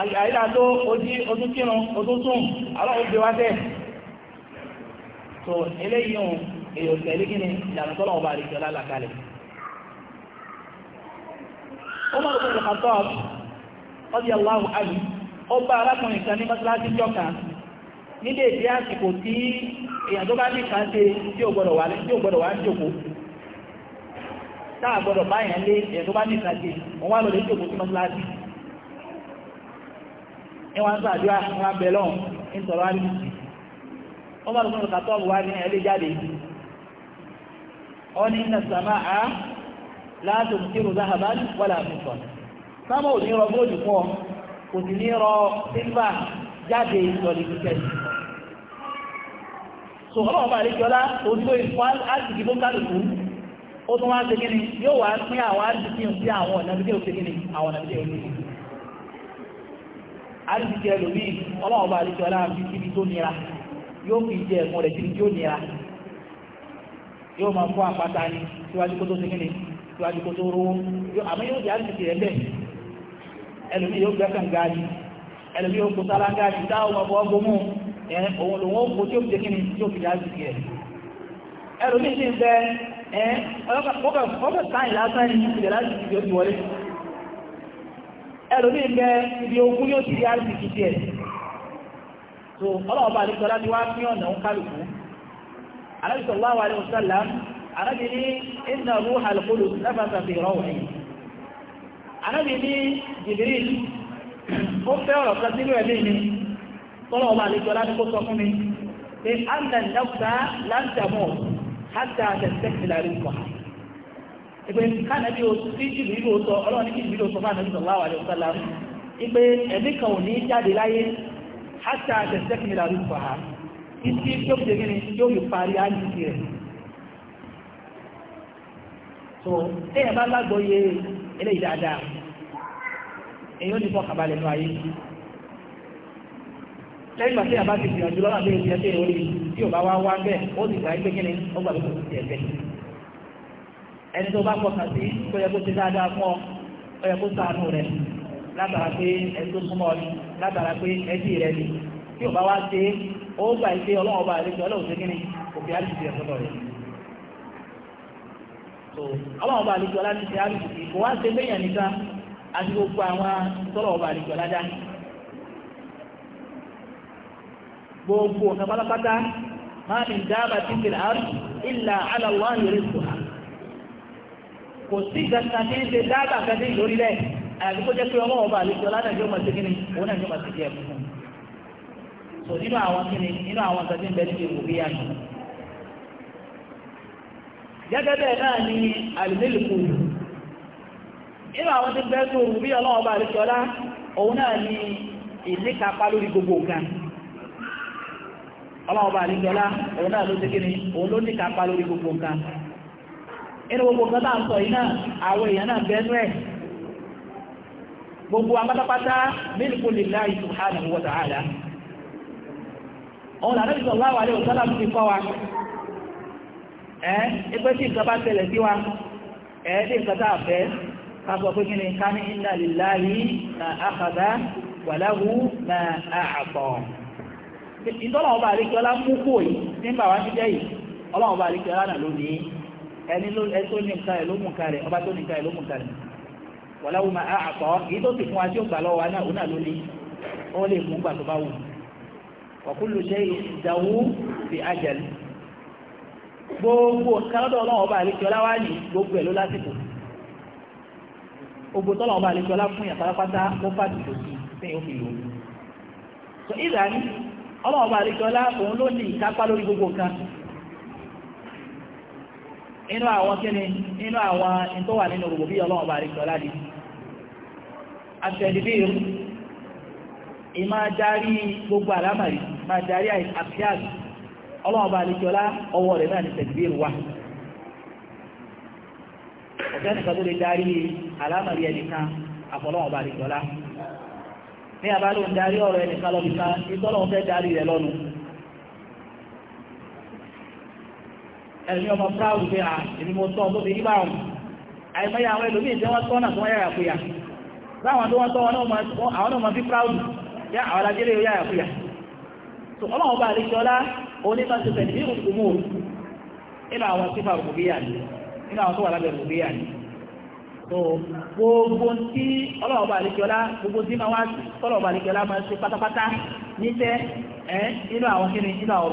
àìlà tó ojú kírun ojútún aláwọ̀gbé wá tẹ́ tó eléyìí hùn èyàn tẹ̀lé kí ni ìlànà tọ́lọ̀ ọba àríkẹ́ lálàkalẹ̀ ó mọ̀ lókùn ìlàkàtọ́ ọdí aláwọ̀ àbí ọba arákùnrin kan ní mọ́sálásí jọ́ka nílé ìdí àsìkò tí èyàn tó bá ní kan ṣe tí ò gbọ́dọ̀ wà tí ò gbọ́dọ̀ wà ń jòkó táà gbọ́dọ̀ báyàn lé èyàn tó bá ní kan ṣe wọ́n wá ìwọ̀n sàdúrà ìwọ̀n bẹ̀lọ́n ìtọ̀rọ̀ àrí ọmọ ìgbọ̀n kàtọ́ọ̀bù wá ní ẹlẹ́ jáde ọ ní iná sàmà á láàtò kírù zahaban wàlà àfihàn sámà ò ní rọ góòdù pọ̀ kò sì ní rọ sílvà jáde lọ́lẹ̀ kíkẹ́ so ọmọ ọmọ àríkọlá òdúgbò ìfọ́ àtìkì tó kálùkù ó tún wá ń ṣe kíni yóò wá pín àwọn àtìkì sí àwọn ọ̀nà bí àríṣìṣẹ́ ẹlòmí ọlọ́wọ́ bá àríṣẹ́ ọlọ́wọ́ fi síbi tó nira yóò fi jẹ ẹ̀mọ́ rẹ̀ síbi tó nira yóò máa fún àpáta ni síwájú kó tó ṣe kíni síwájú kó tó rówó àmọ́ yóò di àríṣìṣẹ́ rẹ̀ bẹ́ẹ̀ ẹlòmí yóò gbẹ́ kànga ni ẹlòmí yóò kó sálángá ni táwọn ọmọ ọgbọ́n mú òun lòun ó kó tí ó fi ṣe kíni tí ó fi di àríṣìṣẹ́ rẹ̀ ẹlòmí sì ń bẹ ẹ ọkọ̀ sáyìn lásán ni ìṣẹ̀lẹ̀ láti ti wọlé ẹlòmí ìgbẹ́ ibi ogun yóò ti di rcc díẹ̀ so ọlọ́ọ̀bá àdìsọ́lá ti wá ní ọ̀nà ń kálukú alábìsọ̀ wá wà ní òṣèlá anábì ní iná rú alùpùpù lẹ́fàtà fi rọ̀ wọ̀nyí anábì ní Jibril ó fẹ́ ọ̀rọ̀ kan sínú ẹ̀mí mi tọ́lọ́ọ̀bá àdìsọ́lá ní kó sọ fún mi pé anna nafsa lantamọ́ hatta tẹ̀sẹ̀ ìlàrí nǹkan ìpè kánàbí oṣù tí jìbìrì ló sọ ọlọ́run ní kí jìbìrì ló sọ fún ànábì sallallahu alaihi wasallam ìpè ẹ̀mí kan ò ní jáde láyé hátà tẹ̀sẹ̀kìmì làrí fà á ìsí tó fi dègínì yóò fi parí ájìkì rẹ̀ bá lágbó yé èyí ó ní nù ayé lẹ́yìn àbá ti gbìyànjú lọ́nà bí o ti ẹ̀ tí bá wá wá bẹ́ẹ̀ ó ẹni tó bá kọkàn sí kó yẹ kó ti dáadáa fún ọ ó yẹ kó sànù rẹ látara pé ẹni tó ni látara pé ẹbí rẹ ni tí ò bá wá gbà pé ọba àlejò ọlọ́run ṣe kíni òkè àlùfẹ́ ẹ̀sọ́dọ̀ rẹ. ọlọ́run ọba àlejò láti ṣe àlùfẹ́ kò wá ṣe nìkan àti gbogbo àwọn gbogbo pátápátá àrùn ìlà àlàwọ̀ àyẹ̀rẹ̀ kò sí gàtà ní ṣe dáàbà gàtà lórílẹ̀ àyàfi kó jẹ́ pé ọmọ ọba àlejò ọládàjọ ọmọ ṣe kíni òun náà ní ọmọ ṣe jẹ́ fún so nínú àwọn kíni nínú àwọn gàtà ń bẹ ní ìwò bí yàtọ̀ gẹ́gẹ́ bẹ́ẹ̀ náà ni àlùmílùkù nínú àwọn tí ń bẹ ní òwú bí ọlọ́wọ́ ọba àlejò ọlá òun náà ni ìníkapa lórí gbogbo nǹkan ọlọ́wọ́ ọba àlejò ọlá òun náà ló ṣe kíni òun ló níkapa lórí gbogbo nǹkan inú gbogbo nǹkan táà ń sọ iná àwọn èèyàn náà bẹ́ẹ̀nú ẹ̀ gbogbo apátápátá mílíkù lillahi subhanahu wa ta'ala ọ̀hún lànà ìsọ̀ láwà lè òtọ́lá ti kọ́ wa ẹ́ ipé tí nǹkan bá tẹ̀lẹ̀ sí wa ẹ́ tí nǹkan ẹni tó ní nǹkan ẹ̀ ló mú nǹkan rẹ̀ ọba tó ní nǹkan ẹ̀ ló mú nǹkan rẹ̀ wọ́láwó ma àpọ̀ tó fún wa tí ó gbà lọ́wọ́ wa náà òun náà ló ní ó lè mú gbà tó gbogbo kálọ́dọ̀ ọlọ́run ọba àlejò ọlá ní gbogbo ẹ̀ ló lásìkò gbogbo ọba àlejò ọlá fún sí sẹ́yìn ó fi lò inú àwọn kíni inú àwọn tó wà nínú gbogbo bí ọlọ́run bá rí sọ́lá di àtẹ̀lẹ́bìr ìmá gbogbo àlámàrí máa darí àfíàs ọlọ́run bá rí sọ́lá ọwọ́ rẹ̀ náà ní tẹ̀lẹ́bìr wà ọ̀fẹ́ nìkan tó lè àlámàrí ẹnìkan bá rí sọ́lá ẹ̀yìn ọmọ fúráwù pé àmì mo tọ́ tó fi rí báwọn àìmọye àwọn ẹlòmíì tí wọ́n tọ́ náà tó wọ́n yára láwọn tó wọ́n tọ́ àwọn náà mọ̀ sí yá àwọn alájẹ́lẹ̀ yóò yára tó nínú àwọn sífà ni nínú àwọn tó wà lábẹ́ ni tó gbogbo tí gbogbo tí wá tọ́lọ̀ ṣe pátápátá níṣẹ́ ẹ́ nínú àwọn kíni nínú àwọn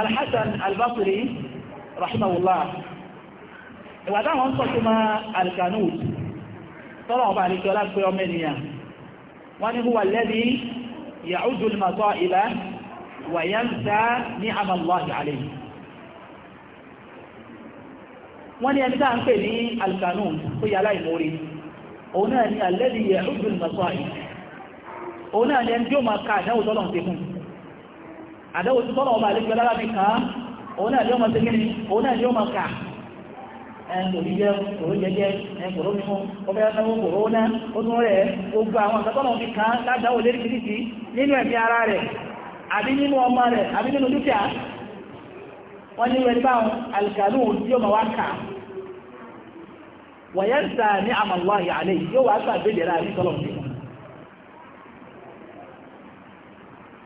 الحسن البصري رحمه الله táwọn ń sọ tó máa alkanud tọ́lọ̀ ọba àríkẹ́ ọlápẹ ọmọ ènìyàn wọ́n ní huwa lẹ́bí yàúdù lùmọ̀tọ́ ìlà wàyẹ́nsá ní àmàlùwàjì àlè wọ́n ní ẹni táà ń pè ní alkanud tó yà láìmórí òun náà ni alẹ́bí yàúdù lùmọ̀tọ́ ìlà òun náà ni ẹni tí ó máa ka àdáwò tọ́lọ̀ ń tẹ́kùn àdáwò tí tọ́nà ọba àlejò lára fi kàn án òun náà lé ọmọ sí kíni òun náà lé ọmọ kà ẹ̀kùnrin jẹ́ kòró jẹjẹ ẹ̀kùnró mímú ọbẹ̀ ẹ̀sánwó kòró náà rẹ̀ gbogbo àwọn àtọ́nà fi kàn án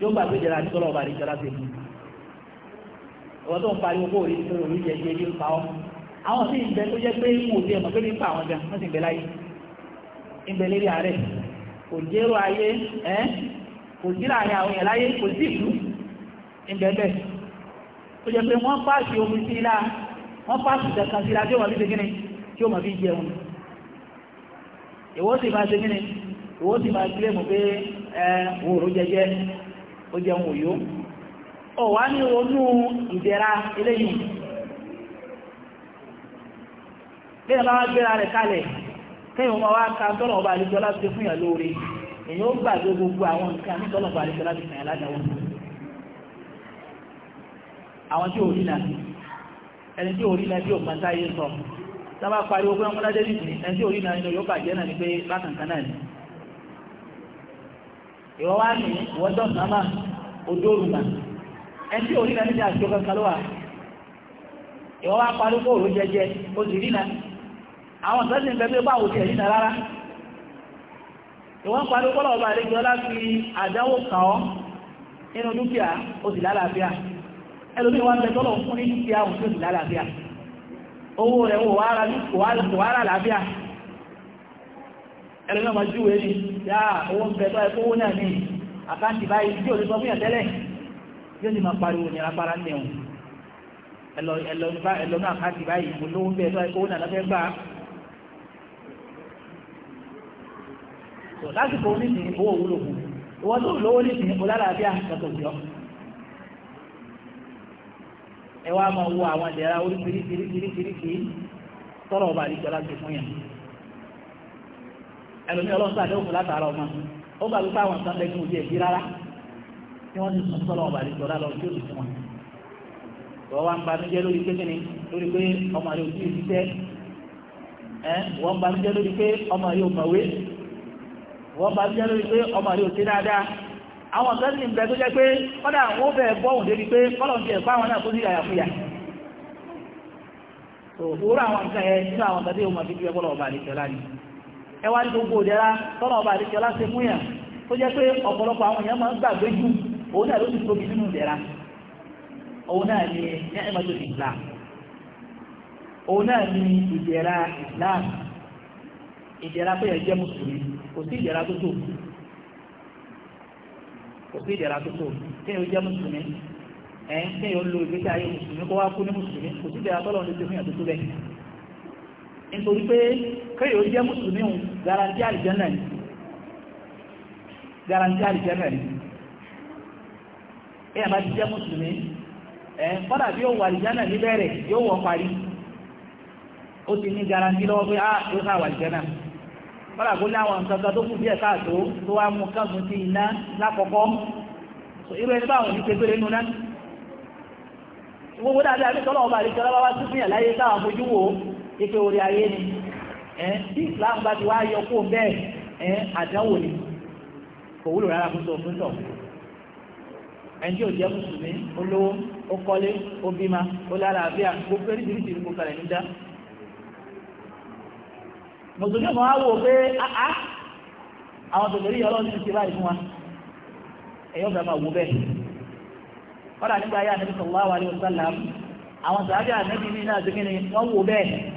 yóò gbà pé ìjẹra nítorí ọba àdìjọra ṣe mú ọwọ́ tó ń pariwo kó orí tó orí jẹ jẹ ní pa ọ́ àwọn sì ń bẹ tó jẹ́ pé wò sí ẹ̀mọ́ pé ní pa àwọn gan wọ́n sì ń bẹ láyé ń bẹ lérí ààrẹ kò jẹ́rọ ayé ẹ́ kò sí láàrin àwọn èèyàn láyé kò sí ìlú ń bẹ bẹ́ẹ̀ tó jẹ́ pé wọ́n pàṣẹ omi sí ilá wọ́n pàṣẹ kankan sí ilá tí ó mọ̀ fi ṣe kíni tí ó fi jẹun ìwọ́sì máa ṣe kíni ìwọ́sì máa gbé mọ̀ pé ẹ̀ òòrùn jẹjẹ ó jẹun òyó ọ̀wá ní ronú ìdẹ̀ra eléyìí lẹ́yìn bá wá gbéra rẹ̀ kalẹ̀ kẹ́yìn ọmọ wa ka tọ́lọ̀ ọba àlejò láti fún yàn lóore èyí ó gbàgbé gbogbo àwọn nǹkan ní tọ́lọ̀ ọba àlejò láti fún yàn ládàá wọn àwọn tí ò rí náà ẹni tí orí náà tí ò pàtàkì sọ sábà pariwo pé ọmọdé dé nìyí ẹni tí orí náà yóò bàjẹ́ náà ni pé bákan kan náà ni ìwọ wá ní ìwọ́jọ́ sábà odó ẹni tí òrìnà níbi àjọ kankan ló wà wá parí kó òrò jẹjẹ ó sì rìnà àwọn nǹkan ń bẹ pé bá òkè rárá ìwọ́n parí kó lọ́wọ́ bá rí fi àdánwò kàn ọ́ nínú dúkìá ó sì lálàáfíà bẹ tọ́lọ̀ fún ní dúkìá òun tó sì lálàáfíà owó ẹlẹ́gbẹ́ ọmọ júwé ní yá owó ń bẹ tọ́ ẹkọ́ owó náà ní àkáǹtì báyìí tí ò lè sọ fún ìyàtẹ́lẹ̀ yóò ní máa pariwo ní apára ń nẹ̀hùn ẹlọ náà àkáǹtì báyìí mo lówó ń bẹ tọ́ ẹkọ́ owó náà lọ́fẹ́ gbà lásìkò oníṣìí owó òwúlò fún ìwọ́n tó lówó níṣìí olálàáfíà kẹtọ̀ jọ ẹ wá máa wo ẹlòmí ọlọ́sà àdéhùn látara ọmọ ó gbàgbé táwọn ìtàn lẹ́gbẹ̀ẹ́ òbí ẹ̀bí rárá tí wọ́n ti sọ ọba fún wọn. wọ́n wá ń banújẹ́ lórí pé kíni lórí pé ọmọ rẹ̀ òbí ti tẹ́ ẹ wọ́n ń banújẹ́ lórí pé ọmọ rẹ̀ òmọ̀wé wọ́n ń banújẹ́ lórí pé ọmọ òtí dáadáa àwọn kan sì ń bẹ tó pé kọ́dà wọ́n fẹ́ pé kọ́lọ̀ àwọn náà kó ẹwà ní gbogbo òdẹ́ra tọ́nà ọba àdíkẹ́ láti mú yàn tó jẹ́ pé ọ̀pọ̀lọpọ̀ àwọn èèyàn máa ń gbàgbé jù òun náà ló ti tóbi nínú ìdẹ́ra òun náà ni ní ẹ̀mọ́tò ìgbà òun náà ni ìdẹ́ra Islam ìdẹ́ra pé ẹ jẹ́ mùsùlùmí kò sí ìdẹ́ra tó tó kò sí ìdẹ́ra tó tó kí ni ó jẹ́ mùsùlùmí ẹ̀ ń kí ni ó lo ìgbésí ayé mùsùlùmí kó wá kú ní mùsùlùmí kò sí ìdẹ́ra tọ́lọ́ nítorí pé kéyò jẹ́ mùsùlùmí òun garanti àlìjẹ́nà ni garanti àlìjẹ́nà ni èyàn bá ti jẹ́ mùsùlùmí ẹ̀ bí ó wà ní bẹ̀rẹ̀ yóò parí ó ti ní garanti lọ́wọ́ pé ah, á wà kó ní àwọn nǹkan kan tó bí tó wá mú sí iná lákọ̀ọ́kọ́ irú ẹni báwọn ní pépéré náà gbogbo dáadáa tọ́lọ́wọ́ bá ike orí ayé ni tí islam bá yọ kó ni kò wúlò rárá fún tòun fún tọ̀ ẹni tí ò jẹ́ olówó ó kọ́lé o bímá ó lára gbogbo eréjìrìjì ní gbogbo ní dá mùsùlùmí ọmọ wa wò pé àwọn fún wa máa wò nígbà àwọn sàájà ní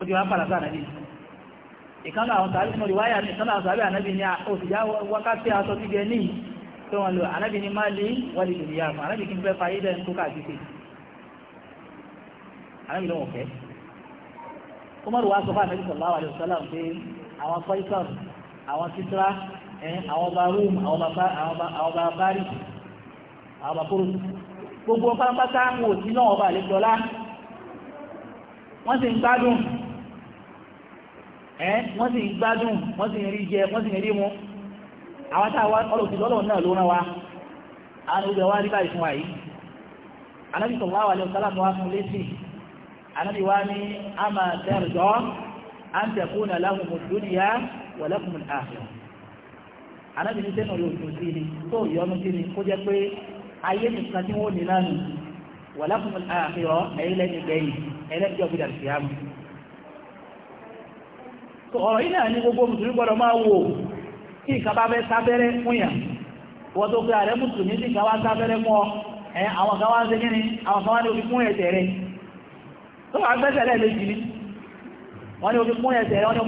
ó ti wá pàlàsà ànábì ìkánlá àwọn sàábì mọ̀ ìwáyà ìkánlá àwọn sàábì ànábì ni ó sì já wákàtí aṣọ gígẹ ní tó wọn lò ànábì ni má lè wọlé ìdìbò yà fún ànábì kí n fẹ́ fayé dẹ́ ń kó káàkiri ànábì ló wọ̀ fẹ́ ó mọ̀rọ̀ wá sọ fún ànábì sallallahu alaihi wasallam pé àwọn fọ́ìsàn àwọn títíra àwọn ọba rome àwọn ọba bari àwọn ọba kúrò gbogbo pátápátá wọn ò sí náà ọba àlejò ọlá wọ́n sì ń gbádùn ẹ́ wọ́n sì ń gbádùn wọ́n sì ń rí jẹ wọ́n sì ń rí mu àwọn táwa ọlọ́sìn lọ́lọ́run náà ló rán wa àwọn olùgbé wa rí báyìí fún wa yìí anábì sọ̀rọ̀ wà lẹ́wọ̀ sálàmù wa fún lẹ́sì anábì wa ní a máa tẹ̀rọ̀ an tẹ̀kúnà láhùn mùsùlùmíà wà lẹ́kùn ààfẹ́ anábì ní sẹ́nu yóò tún sí ni tó yọnu sí ni kó jẹ́ pé ayé nìkan tí wọ́n ní náà nù wà lẹ́kùn ààfẹ́ ẹ̀yìn lẹ́yìn gbẹ̀yìn ẹlẹ́jọ́ ọ̀rọ̀ yìí náà ní gbogbo mùsùlùmí gbọ́dọ̀ máa wò kí ìkàbá i sábẹ́rẹ́ fún yàn wọ́n tó pé ààrẹ mùsùlùmí sí ìkàwá sábẹ́rẹ́ mọ́ ẹ àwọn kan wá ń ni àwọn kan wá ní omi fún ẹ̀tẹ̀ rẹ̀ tó wà méjì ni wọ́n ní omi fún rẹ̀ wọ́n ní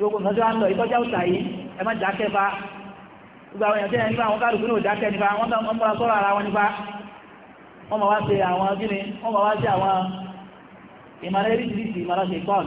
gbogbo tó wá ń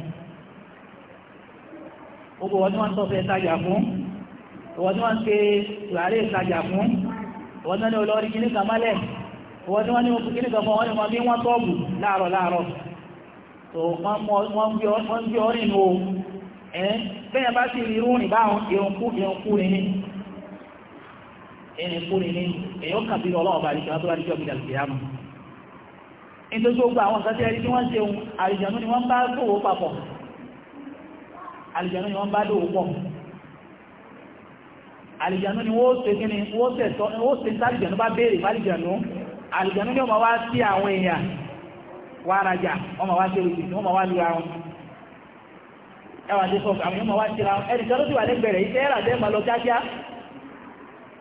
gbogbo wọn ni wọ́n ń tọ́fẹ́ ìtajà fún ìwọ́n ni wọ́n ń pe ìwàrí ìtajà fún ìwọ́n ni wọ́n ní olórí kìíní kan mọ́lẹ̀ ìwọ́n ni wọ́n ní oṣù kìíní kan fún wọn ni wọ́n bí wọ́n tọ́ọ̀bù láàárọ̀ láàárọ̀ tó wọ́n ń gbé ọrìn nu o bẹ́ẹ̀ bá sì rí rúrìn báwọn ìrùnkú ìrùnkú ni ìrìnkú ni ni èyàn kàbí ọlọ́ọ̀bà àríkà tó bá rí jọ́bí dàgbìyàmù nítorí gbogbo àwọn nǹkan tí ẹni tí wọ́n ṣe ohun àríjànú ni wọ́n bá gbòwó papọ̀ àlìjànú ni wọ́n bá dòwò pọ̀ àlìjànú ni wọ́n ṣe kí ni wọ́n ṣe tọ́ wọ́n ṣe tí àlìjànú bá béèrè fàlìjànú àlìjànú ni wọ́n máa wá sí àwọn èèyàn wá rajà wọ́n máa wá sí orí wọ́n máa wá lura wọn ẹwà dé sọ àwọn èèyàn máa wá síra wọn ẹnì kan ló sì wà lẹ́gbẹ̀rẹ̀ iṣẹ́ ẹ̀rà dẹ́ máa lọ kíákíá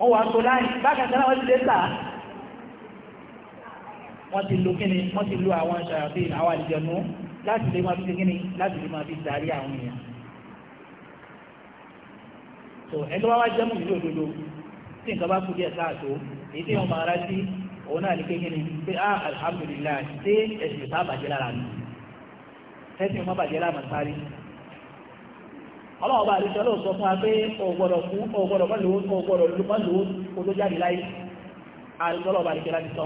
wọ́n wà tó láì láti lè máa fi kíni láti lè máa fi darí àwọn èèyàn tó ẹni wá wá jẹ́ mú ìlú òdodo tí nǹkan bá kú díẹ̀ káàtó èyí tí wọ́n máa rá sí òun náà ní kékeré pé á ah, alhamdulilayi ṣé ẹ̀sìn ìta bàjẹ́ lára mi ẹ̀sìn ìmọ̀ bàjẹ́ lára sáré ọlọ́wọ́ bá àdúgbò ló sọ fún wa pé ọ̀gbọ́dọ̀ fún ọ̀gbọ́dọ̀ mọ́lòó ọ̀gbọ́dọ̀ mọ́lòó olójáde láyé àdúgbò lọ́wọ́ bá àdúgbò láti sọ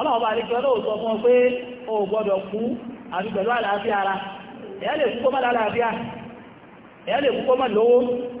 ọlọ́wọ́ bá àdúgbò ló sọ fún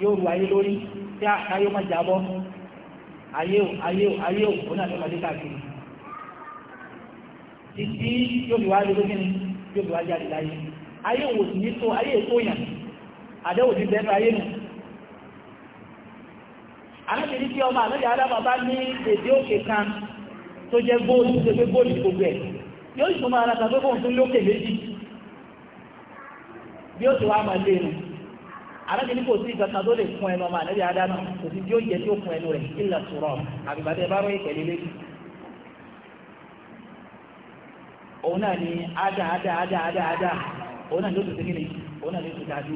yóò ru ayé lórí tí ayé má jábọ́ ayé ò ayé ò ayé ò òun náà ló máa dé káàkiri títí yóò fi wá lórí kíni yóò fi wá jáde láyé ayé wò sí ní tó ayé ètò yàn àdéhùn ti bẹ́ẹ̀ ayé nù alábìrin tí ọmọ àlọ́yà alábà bá ní èdè òkè kan tó jẹ́ góòlù tó gbé góòlù gbogbo ẹ̀ yóò sì tún máa ra tàbí bóun tún lókè méjì bí ó sì wá máa lé nù alájẹ ní kò sí ìgbà kan tó lè fún ẹnu ọmọ ànábì adáná kò sí tí ó yẹ tí ó fún ẹnu rẹ̀ ilẹ̀ sọ̀rọ̀ àgbàdẹ bá rẹ̀ pẹ̀lú ilé. òun náà ni ada ada ada ada ada òun náà ni ó tún tẹ́kìlì òun náà ni ó tún dájú.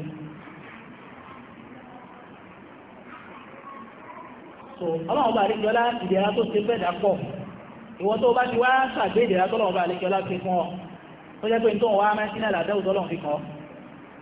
so ọlọ́run bá àríkíọ́lá ìdẹ̀ra tó ṣe fẹ́ẹ̀dá pọ̀ ìwọ tó bá ti wá ṣàgbé ìdẹ̀ra tó lọ́wọ́ bá àríkíọ́lá ti fún ọ tó jẹ́ pé nítorí wàá máa ń sínú àlàdá òtọ́lọ́run fi kàn ọ́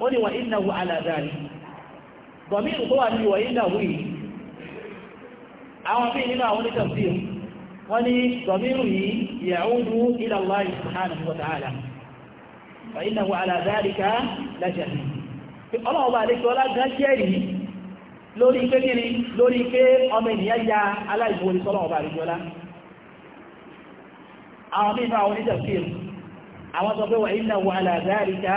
ó ní wà ìnáwó aládàáni gọ̀míìrù tó wà ní wà ìnáwó yìí àwọn bí nínú àwọn onítọ̀sí wọ́n ní gọ̀míìrù yìí yàúdú ila Allah subhanahu wa ta'ala wà ìnáwó aládàáríkà lájẹ̀mí ọlọ́wọ́ bá adékọ́ lágbàjẹ́rì lórí pé kíni lórí pé ọmọ ènìyàn ya aláìwòrí sọ́lọ́wọ́ bá àwọn mímọ̀ àwọn onítọ̀sí àwọn wà ìnáwó aládàáríkà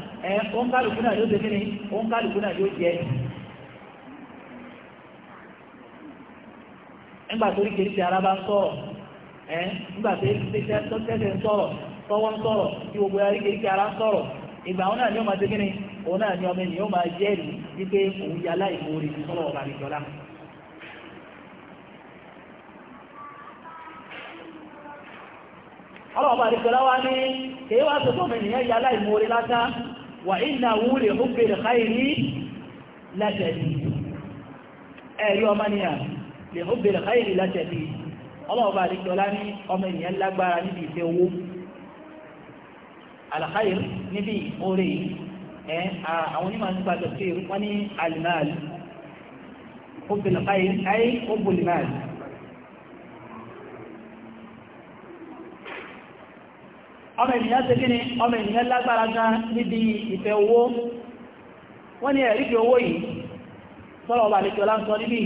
ẹ̀ òun náà yóò ṣe kíni òun kálukú náà yóò jẹ́ nígbà tó rí ara bá sọ̀rọ̀ ẹ̀ nígbà tó tẹ́sẹ̀ ń sọ̀rọ̀ tọwọ́ ń sọ̀rọ̀ gbogbo ara rí kèrìsì ara sọ̀rọ̀ ìgbà òun náà ni ó máa ṣe kíni òun náà ni ọmọ ènìyàn máa jẹ́rìí wípé òun yà láìmórí sọ́lọ́ ọba nìjọ́lá ọlọ́ọ̀bá nìjọ́lá wá ní kèé wá sọ ọmọ ènìyàn lásán wà ìlà wúlè ó bèèrè káìrí látẹ̀lì ẹ̀rí ọmọ nìyà lè ó bèèrè káìrí látẹ̀lì ọlọ́ọ̀bá àdíjọlá ní ọmọ ènìyàn lágbára níbi ìfẹ́ owó alàkáyìr níbi orí ẹ̀ àwọn onímọ̀ nípa tẹ̀sí wọ́n ní alìmáàlì ó káìrí ó bòlìmáàlì ọmọ ènìyàn ṣe kí ni ọmọ ènìyàn lágbára gan níbi ìfẹ́ owó wọ́n ní ẹ̀rí fi owó yìí sọ́rọ̀ ọba àlejò láńsọ níbi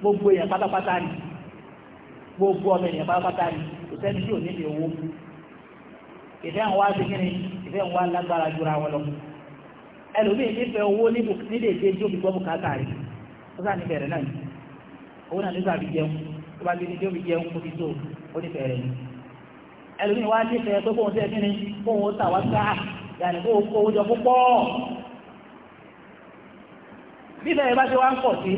gbogbo èèyàn pátápátá ni gbogbo ọmọ ènìyàn pátápátá ni kò sẹ́ni tí ò níbi owó ìfẹ́ ń wá ṣe kí ni ìfẹ́ ń wá lágbára jura wọn lọ ẹlòmíì nífẹ̀ẹ́ owó nídèédé tí ó fi gbọ́ bùkátà rẹ̀ ó sáà nífẹ̀ẹ́ rẹ̀ náà owó náà nígbà fi jẹun tó bá gbé ní tí ó fi jẹun kó fi tó ó nífẹ̀ẹ́ rẹ̀ ni ẹlùmí wá nífẹ̀ẹ́ pé kóhun tẹ́ kíni kóhun tàwà sáà yàní kóhun kówó jọ púpọ̀ nífẹ̀ẹ́ bá ṣe wá ń pọ̀ sí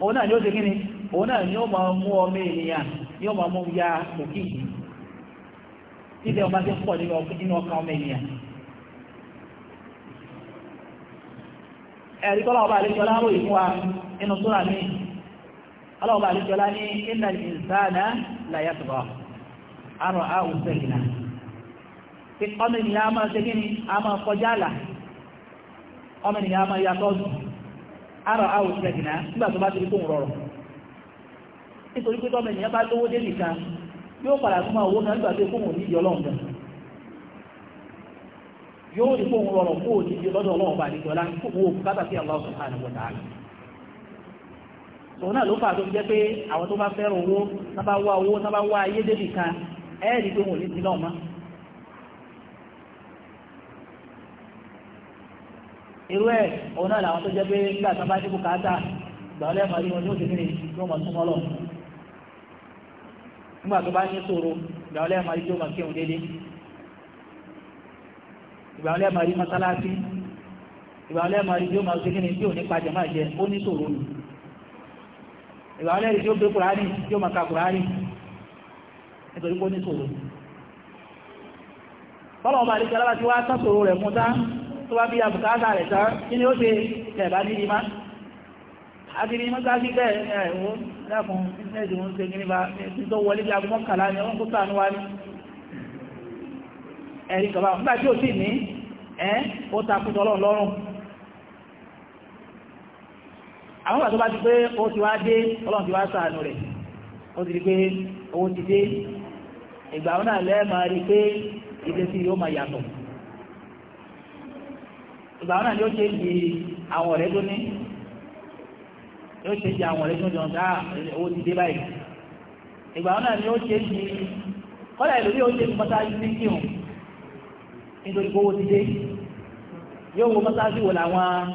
òun náà ni ó ṣe kíni òun náà ni ó máa ọmọ ya ọba ṣe pọ̀ nínú ọkàn ọmọ ènìyàn ẹ̀rí tọ́lá ọba fún wa ọlọ́ọ̀bà ní àrọ̀ àwùsẹ̀ ìlà ọmọ ènìyàn a ama ṣe kí ni a máa kọjá àlà ọmọ ènìyàn a yàtọ̀ àrọ̀ àwùsẹ̀ nígbà tó bá ti rí kóhùn rọrọ̀ nítorí pé tọ́mọ ènìyàn bá lówó dé nìkan yóò padà tún máa owó náà nígbà tó kóhùn yóò rí kó lọ́dọ̀ ọlọ́run bá kátà sí náà ló fà tó jẹ́ pé ẹ̀ẹ́rì tó wọ́n ní ti náà mọ́ irú ẹ̀ òun náà làwọn tó jẹ́ pé nígbà tó bá dìbò káàtà gbàlẹ́ màá rí wọn yóò kékeré yóò mọ̀ súnmọ́ lọ nígbà tó bá ní ṣòro gbàlẹ́ màá rí yóò mọ̀ kéwọn déédéé ìgbàlẹ́ màá rí mọ́sálásí ìgbàlẹ́ màá rí yóò mọ̀ kékeré tí ò ní pa jẹ̀máà jẹ ó ní ṣòro nù ìgbàlẹ́ rí yóò gbé kùránì yóò mọ̀ ka kùránì nítorí pé ó ní ṣòro bọ́lọ̀ ọba àdíkẹ́ lára ti wá sásòro rẹ̀ mú tán tó bá bí i àbùkátà rẹ̀ tán kí ni ó ṣe ẹ̀bá nídi má àtìrí mọ́ta ni wọ́n kó sàánú wá ní ẹ̀rí kọba nígbà tí ó sì ní ẹ́ ó takùtọ̀ lọ́rùn lọ́rùn àwọn ìgbà tó bá ti pé ó ti wá dé ọlọ́run ti wá sàánú rẹ̀ ó ti rí pé owó ti dé ìgbà wọn náà lẹ́ẹ̀ máa rí pé ìdẹ́sí yóò máa yàtọ̀ ìgbà wọn náà yóò ṣe di àwọn ọ̀rẹ́ tó ní yóò ṣe di àwọn ọ̀rẹ́ tó jọ dá ah, owó ti dé báyìí ìgbà wọn náà yóò ṣe di kọ́lá ìlú yóò ṣe di mọ́sáájú ní kíhùn nítorí pé owó ti dé yóò wo mọ́sáájú wò láwọn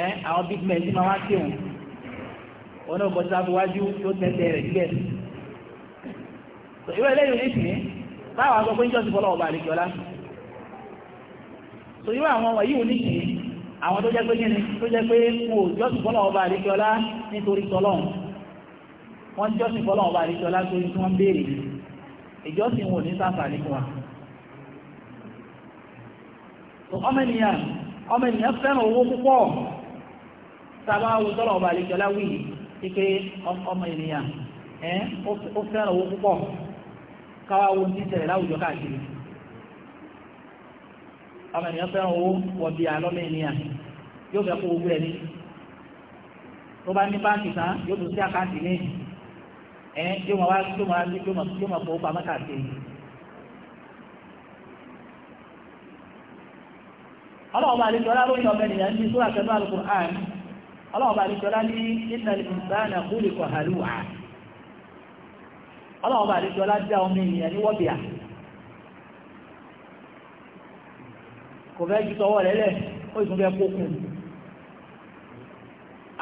ẹ àwọn big men máa wá kíhùn òun náà bọ́ sí abúwájú yóò tẹ́tẹ́ rẹ̀ síbẹ̀ So ìwé eléyìí ní ìsìn báwa sọ pé jọ́sìn fọlọ́ ọba àlejò ọlá so irú àwọn wọ̀nyí ò ní ìsìn àwọn tó jẹ́ pé kíni tó jẹ́ pé wọn ò jọ́sìn fọlọ́ ọba àlejò ọlá nítorí tọlọ́hun wọ́n jọ́sìn fọlọ́ ọba àlejò ọlá torí tí wọ́n béèrè ìjọsìn wọn ò ní sáfà ní fún wa ọmọ ènìyàn ọmọ ènìyàn fẹ́ràn owó púpọ̀ sábà wùtọ́lọ̀ ọba àlejò ọlá wì í pé ọmọ ènìyàn ó fẹ́ràn owó púpọ̀ káwá wo ní ìṣẹ̀lẹ̀ láwùjọ káàkiri ọmọ ènìyàn fẹ́ràn owó wọ̀bí àlọ́mọ ènìyàn yóò fẹ́ kó owó ẹ̀ ní tó bá ní báńkì tán yóò tún sí àkáǹtì ní ẹ̀ yóò máa wá yóò máa yóò máa yóò máa fowó pamọ́ káàkiri. ọlọ́ọ̀bá àlejòlá lórí ọmọ ènìyàn ní sórí àtẹnú àlùkò àn ọlọ́ọ̀bá àlejòlá ní ìtàlẹ̀ ìgbà ọlọ́run bá àlejò ọlájá ọmọ ènìyàn ní wọ́bìà kò fẹ́ ju tọwọ́ rẹ̀ lẹ̀ ó sì tún fẹ́ kókun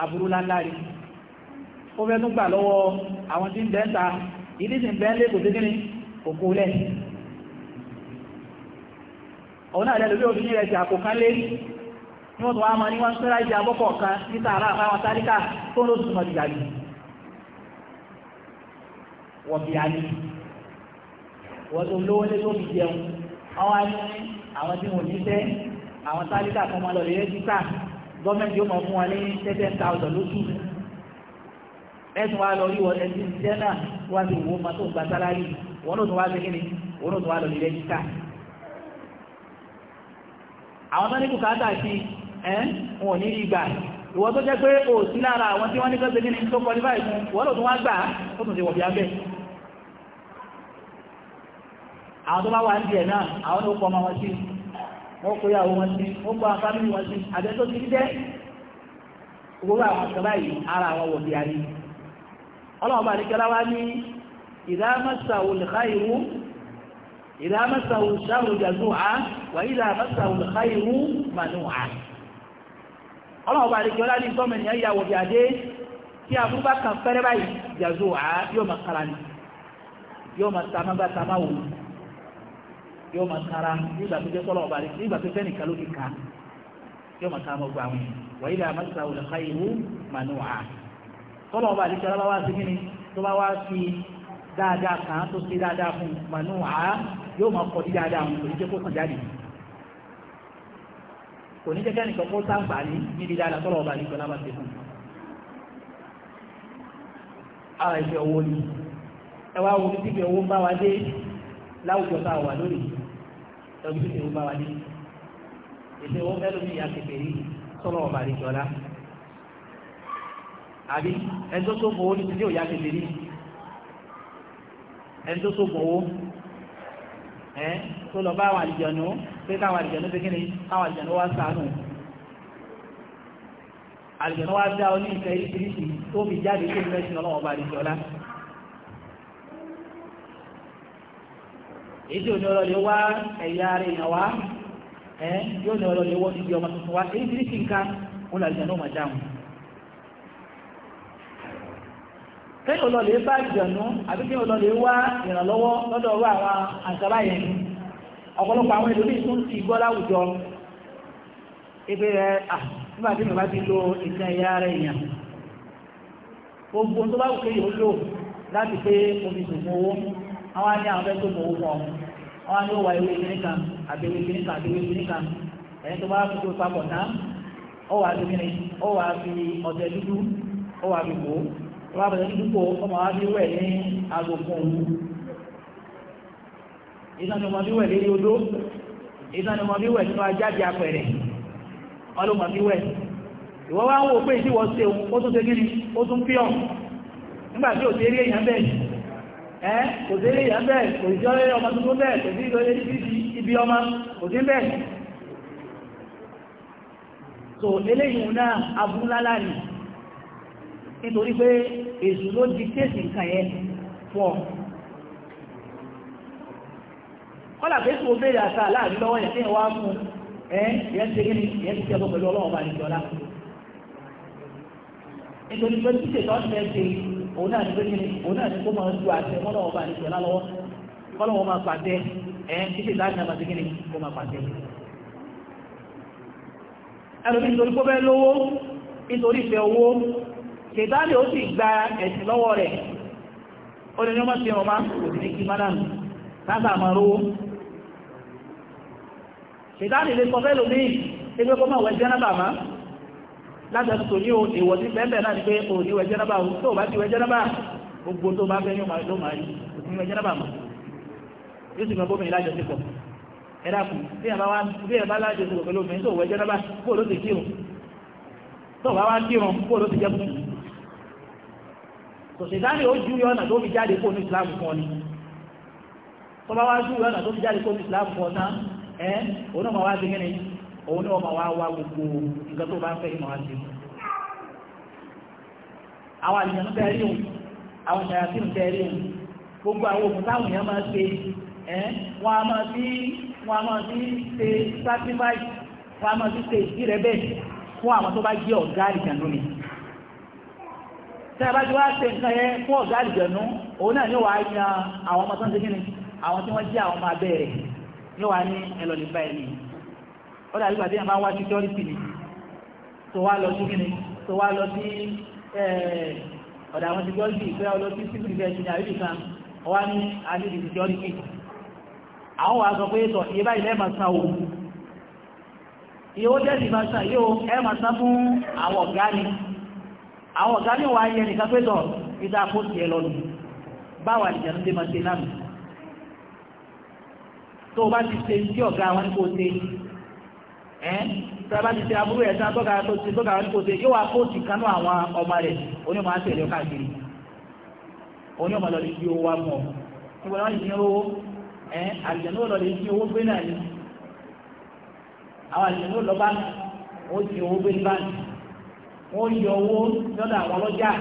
aburú láńlá rí ó fẹ́ tún gbà lọ́wọ́ àwọn tí ń bẹ́ ń ta ìdí sì ń bẹ́ ń lé kò dị kò lẹ̀ òun náà lẹ́nu bí òfin àpò kan lé ní wọ́n tún wá máa ní wọ́n ń wọ́n fi ayé wọ́n tó lówó lé tó fi jẹun àwọn ayé àwọn tí wọ́n níṣẹ́ àwọn tálíkà kan máa lọ lè rẹ́jísà gọ́ọ̀mẹ̀ntì yóò máa fún wọn ní seven thousand lóṣù ẹ̀sùn wa lọ rí wọn ẹ̀sìn ìṣẹ́ náà wọ́n ti wò ó máa tó gba sálárì wọn ló tún wá sí kíni wọn ló tún wá lọ lè rẹ́jísà àwọn tán ní bùkátà sí ẹ́ wọn ò ní rí gbà ìwọ́n tó jẹ́ pé òsí lára àwọn tí wọ́n ní kọ́ àwọn tó bá wà níbi ẹ̀ náà àwọn ló pọ̀ ọmọ wọn sí wọ́n kó ìyàwó wọn sí wọ́n kó àwọn fámìlì wọn sí àjẹ́ tó ti jẹ́ gbogbo àwọn àkàbá yìí ara àwọn wòlíì àrí ọlọ́run bá nìkẹ́lá wá ní ìdámẹ́sàwò lẹ́káìwú ìdámẹ́sàwò sáwò jàzúwà wà ìdámẹ́sàwò lẹ́káìwú mànúwà ọlọ́run bá nìkẹ́lá ní gọ́ọ̀mẹ̀ntì ayà wòlíì àdé tí aburú kan fẹ́rẹ́ báyìí jàzúwà yóò máa kara yóò máa tamá bá yóò máa kára nígbà tó jẹ́ sọ́lọ́ ọba rẹ̀ nígbà tó fẹ́ni kaló ti ka yóò máa kára ọgbà wọn wàyí lè àmásà òlè káyìwó mànúwà sọ́lọ́ ọba àdìsí alábá wá sí kíni tó bá wá sí dáadáa kan tó sí dáadáa fún mànúwà yóò máa kọ́ di dáadáa wọn kò ní jẹ́ kó kàn jáde kò ní jẹ́ kẹ́ni kan kó sáǹfààní níbi dáadáa sọ́lọ́ ọba àdìsí alábá sí fún ara ìfẹ́ ni ẹ wá wo bí láwùjọ tá a wà lónìí lọ́dún tó ti ń bá wa dé ètò ìwọ́n fẹ́ lómi ìyá kékeré sọ́nà ọ̀bà àdìjọ́lá àbí ẹni tó tó gbowó ní ti dé òyà kékeré ẹni tó tó gbowó ẹ tó lọ bá àwọn àdìjọ́nú pé káwọn àdìjọ́nú pé kíni káwọn àdìjọ́nú wá sànù àdìjọ́nú wá dá ọ ní ìfẹ́ ìrísí tó fi jáde tó fi mẹ́sìn ọlọ́wọ́ ọba àdìjọ́lá. èyí tí ò ní ọlọ́lẹ̀ wá ẹ̀yà ara èèyàn wá ẹ́ yóò ní ọlọ́lẹ̀ wọ́n ti di ọmọ tuntun wá èyí tí kì í ká wọn làlùjá náà máa dáhùn. kẹ́yìn ọlọ́lẹ̀ bá jọ̀nú àbí kẹ́yìn ọlọ́lẹ̀ wá ìrànlọ́wọ́ lọ́dọ̀ ọwọ́ ebe rẹ̀ à nígbà lo ìsìn ẹ̀yà ara èèyàn gbogbo tó bá wù kéèyàn ó lò láti pé omi sùn mọ́ owó àwọn á àwọn fẹ́ tó mọ́ owó fún ọ wọ́n yóò wá ewé kìíní kan àbẹ̀wé kìíní kan kan ẹni tó bá kókó papọ̀ tán ó wà fi kìíní ó wà fi ọ̀dẹ dúdú ó wà fi kó ó wà fi dúdú kó ọmọ wa fi wẹ̀ ní odó wẹ̀ nínú ajá di apẹ̀rẹ̀ wẹ̀ wá ń wò ẹ́ kò sí èèyàn bẹ́ẹ̀ kò sí ọ̀rẹ́ ọmọ tuntun bẹ́ẹ̀ kò sí ìlọlé ibi ọmọ kò sí bẹ́ẹ̀ so eléyìí náà abúlálá ni nítorí pé èṣù ló di kéèsì nǹkan yẹn fún ọ kọ́là pé kò béèrè àṣà láàrin lọ́wọ́ yẹn tí wọ́n á fún ẹ́ yẹn ti gíní yẹn ti tẹ́gbọ́ pẹ̀lú ọlọ́wọ́ bá nìjọ́lá nítorí pé títẹ̀ tó ń òun náà ní pé kíni òun náà ní kó máa ju àṣẹ mọ́lọ́wọ́ bá nìṣẹ́ lálọ́wọ́ kọ́lọ́wọ́ máa pàṣẹ ẹ̀ títí láti náà máa kíni kó máa pàṣẹ. ẹlòmíì nítorí kó fẹ́ lówó nítorí ìfẹ́ owó ṣètàlẹ̀ ó sì gba ẹ̀sìn lọ́wọ́ rẹ̀ ó lè ní ọmọ sí ọmọ kò sí ní kí mádàmù lábàá máa rówó ṣètàlẹ̀ lè sọ fẹ́ lómi ẹgbẹ́ kó máa wẹ̀ jẹ́ náà bàmá látàrí tò ní èèwọ̀ sí bẹ́ẹ̀ náà ni pé o ní wẹ̀jẹ́ náà bá o tó o bá ti wẹ̀jẹ́ náà bá gbogbo tó bá fẹ́ ní ọmọdé ló máa rí o ti wẹ̀jẹ́ náà bá mọ̀ yóò sì mọ bómi lájọṣepọ̀ ẹ dákun bí ẹ bá wá bí ẹ bá lájọṣepọ̀ pẹ̀lú obìnrin tó wẹ̀jẹ́ náà bá kó o ló ti kírun tó o bá wá kírun kó o ló ti jẹ́ kùn kò sì dáni ó ju ọ̀nà tó fi jáde kó ní ìsìlámù kan ni tó bá wá ju ọ̀nà tó fi jáde kó ní ìsìlámù kan tán ẹ òun náà máa wá òun ní ọmọ wa wá gbogbo nǹkan tó bá fẹ́ ìmọ̀ àti àwọn àlìyàn tẹ́rí òun àwọn ìyàtí tẹ́rí òun gbogbo àwọn òkú táwọn èèyàn máa ṣe ẹ́ wọ́n a máa sacrifice wọ́n a máa fi ṣe ìrẹ́ bẹ́ẹ̀ fún àwọn tó bá jẹ́ ọ̀gá àlìyàn lónìí tẹ́ bá ti wá ṣe nǹkan yẹn fún ọ̀gá àlìyàn nú òun náà yóò wá yan àwọn ọmọ tó ń ṣe kí ni àwọn tí wọ́n jẹ́ àwọn ọmọ abẹ́ rẹ̀ yóò wá ní ẹlọ́lẹ́bá ẹ̀ nìyí ó dàbí ìgbà tí yàn bá wá sí security ni tó wá lọ sí kíni tó wá lọ sí eh, ọ̀dà àwọn security ìgbéra lọ sí civil defense ní àríwí kan ọwá ní àríwí security àwọn wà sọ pé sọ iye báyìí lẹ́ẹ̀mà san o iye ó tẹ́sì máa san yóò ẹ̀mà san fún àwọn ọ̀gá ni àwọn ọ̀gá ní wà ayẹ nìkan pé sọ ìdá àpótí ẹ lọ nù báwà nìjà ló dé máa ṣe náà tó o bá ti ṣe tí ọ̀gá wọn kò ṣe ẹ́ si ti ṣe aburú ẹ̀ sáà tó ti tọ́ka ní kò ṣe yóò wá kóòtù kanú àwọn ọmọ rẹ̀ oní ọmọ àtẹ̀lẹ́ káàkiri oní lọ́ọ́ lè fi owó wá mọ̀ nígbà wọn yìí owó ẹ́ àlùjẹ̀nú lọ́ọ́ lè fi owó gbé náà ni àwọn àlùjẹ̀nú lọ́ bá wọ́n ti owó gbé ní báńkì wọ́n yọ owó lọ́dọ̀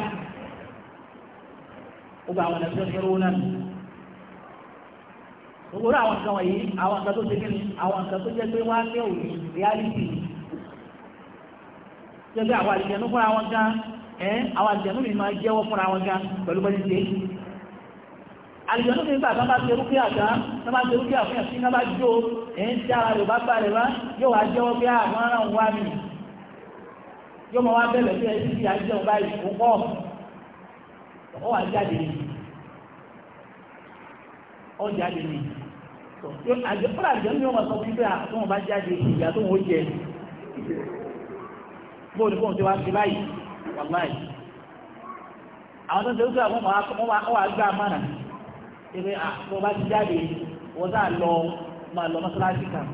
gbogbo àwọn nǹkan wọ̀nyí àwọn nǹkan tó ṣe kí ni àwọn nǹkan tó jẹ́ pé wá ní òní reality ṣe pé àwọn àjẹnú fúnra wọn gan ẹ́ àwọn àjẹnú mi máa jẹ́wọ́ fúnra wọn gan pẹ̀lú bẹ́ẹ̀ ṣe àjẹnú mi gbà tán bá ṣe rúkìá tán tán bá ṣe rúkìá fún yàtí náà bá jó ẹ̀ ń tí ara rẹ̀ bá bá rẹ̀ bá yóò wá jẹ́wọ́ bí àwọn ará ń wá mi yóò máa wá bẹ̀rẹ̀ sí ẹ̀ ọjà lè ní àjọpọ̀lá àjọ ní ọmọ sọ pé àwọn ọba jáde ìyá tó wọ́n jẹ bóòlù fóun ti wá sí báyìí wàláì àwọn tó ń tẹ́lú sílẹ̀ wọ́n wà gbá mọ́nà ebe àwọn ọba jáde wọ́n sá lọ máa lọ mọ́sálásí kan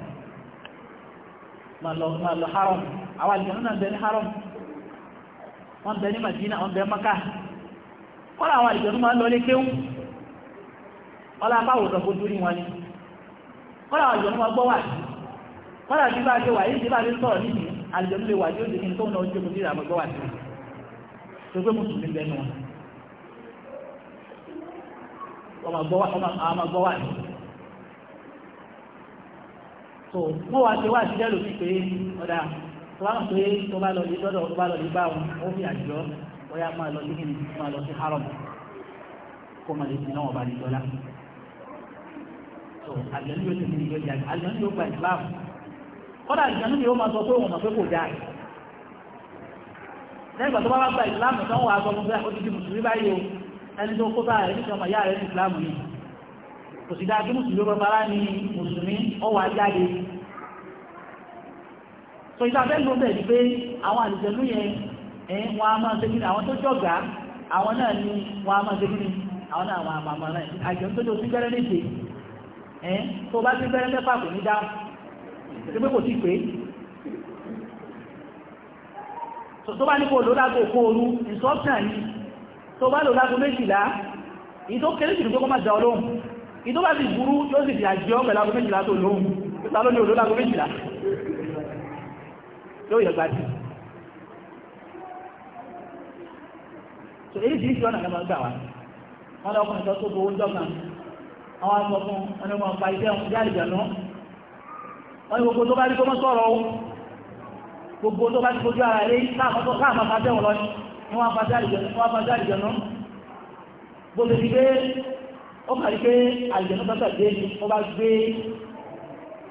máa lọ lọ haram àwọn àjọ náà bẹ ní haram wọ́n bẹ ní Madina wọ́n bẹ Maka kọ́lá àwọn àjọ náà lọ ọlá báwòsàn kó dúrí wọn ni kọ́lá àjọ ní wọn gbọ́ wà sí kọ́lá bí bá ṣe wà yìí bá ṣe sọ̀rọ̀ nìyí àjọ ní lè wà yóò dìkín tó ń lọ ojú tó wà sí so wọ́n wá ṣe wá sí lẹ́lò sí pé ọ̀dà tó bá mọ̀ pé tó bá lọ lè dọ́dọ̀ tó bá lọ lè bá wọn ó fi ọ̀yá máa lọ sí haram kó máa lè sin náà ọba nìjọ́lá àjẹnú yóò tẹ̀lé ìjọ ìjà àjẹnú yóò gba ìsìláàmù kọ́dà yóò máa sọ pé òun kò dáa lẹ́yìn ìgbà tó bá gba tán sọ fún mùsùlùmí ẹni tó kó bá rẹ̀ nítorí ọmọ ìyá rẹ̀ ní ìsìláàmù yìí kò sì dáa kí mùsùlùmí ó bá ní mùsùlùmí ó wà a ẹ̀ tó bá ti fẹ́rẹ́ mẹ́fà kò ní dáhùn ṣe pé kò sí pé tó bá ní kò ló lágbo kó oru instruction ni tó bá lò lágbo méjìlá ìyí tó kéré jù ní kókó má da ọlọ́run ìyí tó bá sì burú yóò sì fi àjọ pẹ̀lú lágbo méjìlá tó lóhùn ìta ló ní òló lágbo méjìlá so èyí sì ń fi ọ̀nà lọ́mọ gbà wá wọn lọ́kùnrin tó tó gbowó àwọn aṣọ fún wọn ni wọn pa iṣẹ́ wọn jáde jàná wọn ni gbogbo tó bá rí kó mọ́ sọ̀rọ̀ o gbogbo tó bá ti fojú ara rẹ̀ káàmà fa sẹ́wọ̀n lọ ni wọ́n fa sí àlìjọ̀nà bó ṣe ti gbé ó kàrí pé àlìjọ̀nà tó tàbí ní wọ́n bá gbé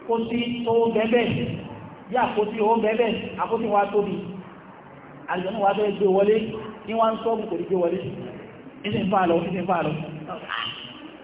kó sí owó gẹ́gẹ́ bí àkótí owó gẹ́gẹ́ àkótí wa tóbi àlìjọ̀nà wa fẹ́ gbé wọlé ní wọ́n ń sọ́gùn kò ní gbé wọlé ní sì ń fa lọ ní lọ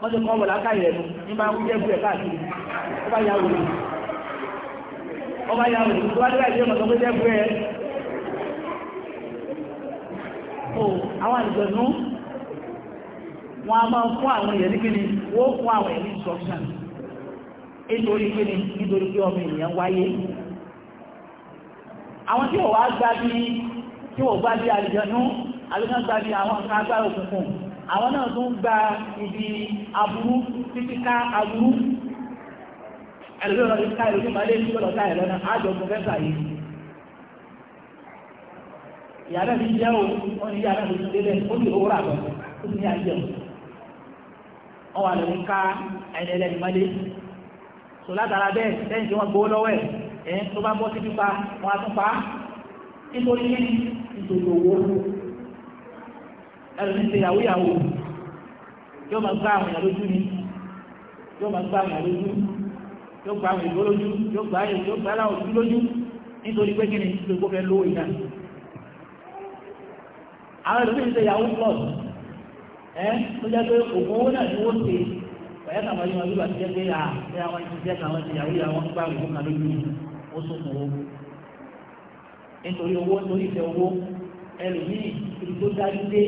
wọ́n ti kọ́ wọ̀ láká ìrẹ̀nu ní máa wú jẹ́gbù ẹ̀ káàkiri ó bá yàwó rẹ̀ ó bá yàwó rẹ̀ tó bá dé láìsí ọ̀nà tó jẹ́gbù ẹ̀ o àwọn àjọ̀nú wọn a máa fún àwọn èèyàn ní kíni wọ́n ní àwọn tí wọ́n wá gbá bí tí wọ́n gbá bí àjọ̀nú àbíkan agbára òkùnkùn àwọn náà tún gba ibi aburú títí ká aburú ẹ̀lú ọ̀rọ̀ ìka ìlú ní malé ní ọlọ́ta ẹ̀rọ náà ájọ fún fẹ́fà yìí ìyá náà ti jẹ́ o wọ́n ní ìyá náà ti tún délẹ̀ ó ní owó rà lọ ó ní àjẹ́ o wọ́n wà lórí ká ẹni ẹlẹ́ni malé tó látara bẹ́ẹ̀ lẹ́yìn tí wọ́n gbowó lọ́wọ́ ẹ̀ ẹ̀ tó bá bọ́ sí pípa wọn á tún pa nítorí nítorí owó ẹlòmí ṣe yàwó yàwó yóò máa gbá àwọn èèyàn lójú ni yóò máa gbá àwọn èèyàn lójú yóò gbá àwọn èèyàn lójú yóò gbá àwọn yóò gbá àwọn òjú lójú nítorí pé kíni tó gbó fẹ́ lówó ìdá àwọn ẹlòmí ṣe yàwó pọ̀ ẹ́ tó jẹ́ pé òkú owó náà ni wọ́n ṣe ọ̀yá kàwọn yóò máa bí wàá ti jẹ́ pé à ẹ́ àwọn ti jẹ́ kàwọn ti yàwó yàwó gbá àwọn èèyàn lójú ó sún fún owó nítorí owó nítorí ìfẹ́ owó ẹlòmí ìlú tó dájú dé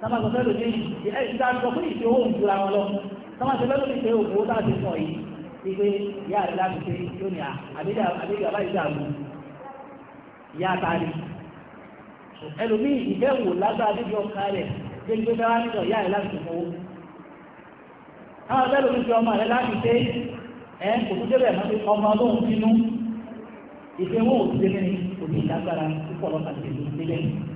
sábà sọ fẹ́lò ní ẹ̀ ìdá sọ fún ìṣe owó ìjura wọn lọ sábà sọ fẹ́lò ní ìṣe owó tá a ti sọ yìí wípé ìyá rẹ̀ láti ṣe lónìí àbídà bá ìṣe àgùn ìyá ta ni ẹlòmíì ìfẹ́ wò lágbára dídí ọkà rẹ̀ dé gbé fẹ́ wá nínú ìyá rẹ̀ láti ṣe owó sábà fẹ́lò ní ìṣe ọmọ rẹ̀ láti ṣe ẹ̀ kò tún débẹ̀ mọ́ ọmọ ọlọ́run sínú ìfẹ́ wọn ò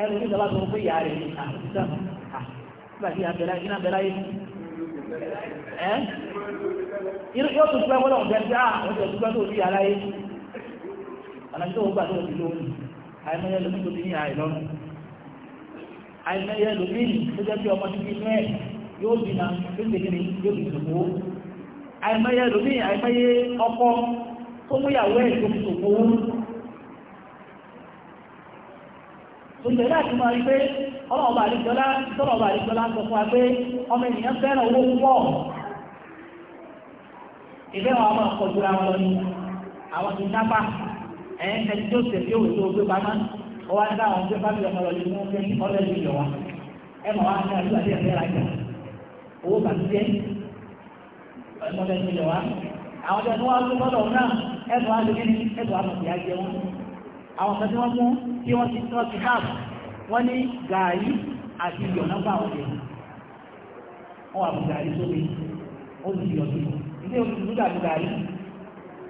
ẹnu ní ìjọba tó ń pè ìyá rẹ̀ ní àtúntà nígbà tí iná bẹ̀rẹ̀ ayé ẹ́ yóò tún pẹ́ wọ́n bẹ̀rẹ̀ sí àwọn ọjọ́ ìdúgbà tó rí ara yé ọ̀nà tó gbà tó ti lóhùn àìmọye lómi tó ti ní àì lọ́nà àìmọye lómi tó jẹ́ pé ọmọ tó ti mẹ́ yóò bí na tó ti kiri yóò bí sòkó àìmọye lómi àìmọye ọkọ tó múyàwó ẹ̀ tó ti sòkó òṣèlú láti máa rí pé ọlọ́ọ̀bà àríjọlá ìtọ́lọ̀ọ̀bà àríjọlá sọ fún wa ọmọ ènìyàn fẹ́ràn owó púpọ̀ ìfẹ́ wọn a wọn àwọn ti gbé wá dá àwọn gbé ọmọ fẹ́ ọlẹ́ ní ìyọ̀ wa ẹ mọ̀ wá ní àdúrà jà owó àwọn kan tí wọ́n mú tí wọ́n ti tọ́ ti hàp wọ́n ní gàárì àti iyọ̀ náà bá wọn lè wọ́n wà fún gàárì sómi ó sì yọ̀ sí ilé olùdókòwò dàbí gàárì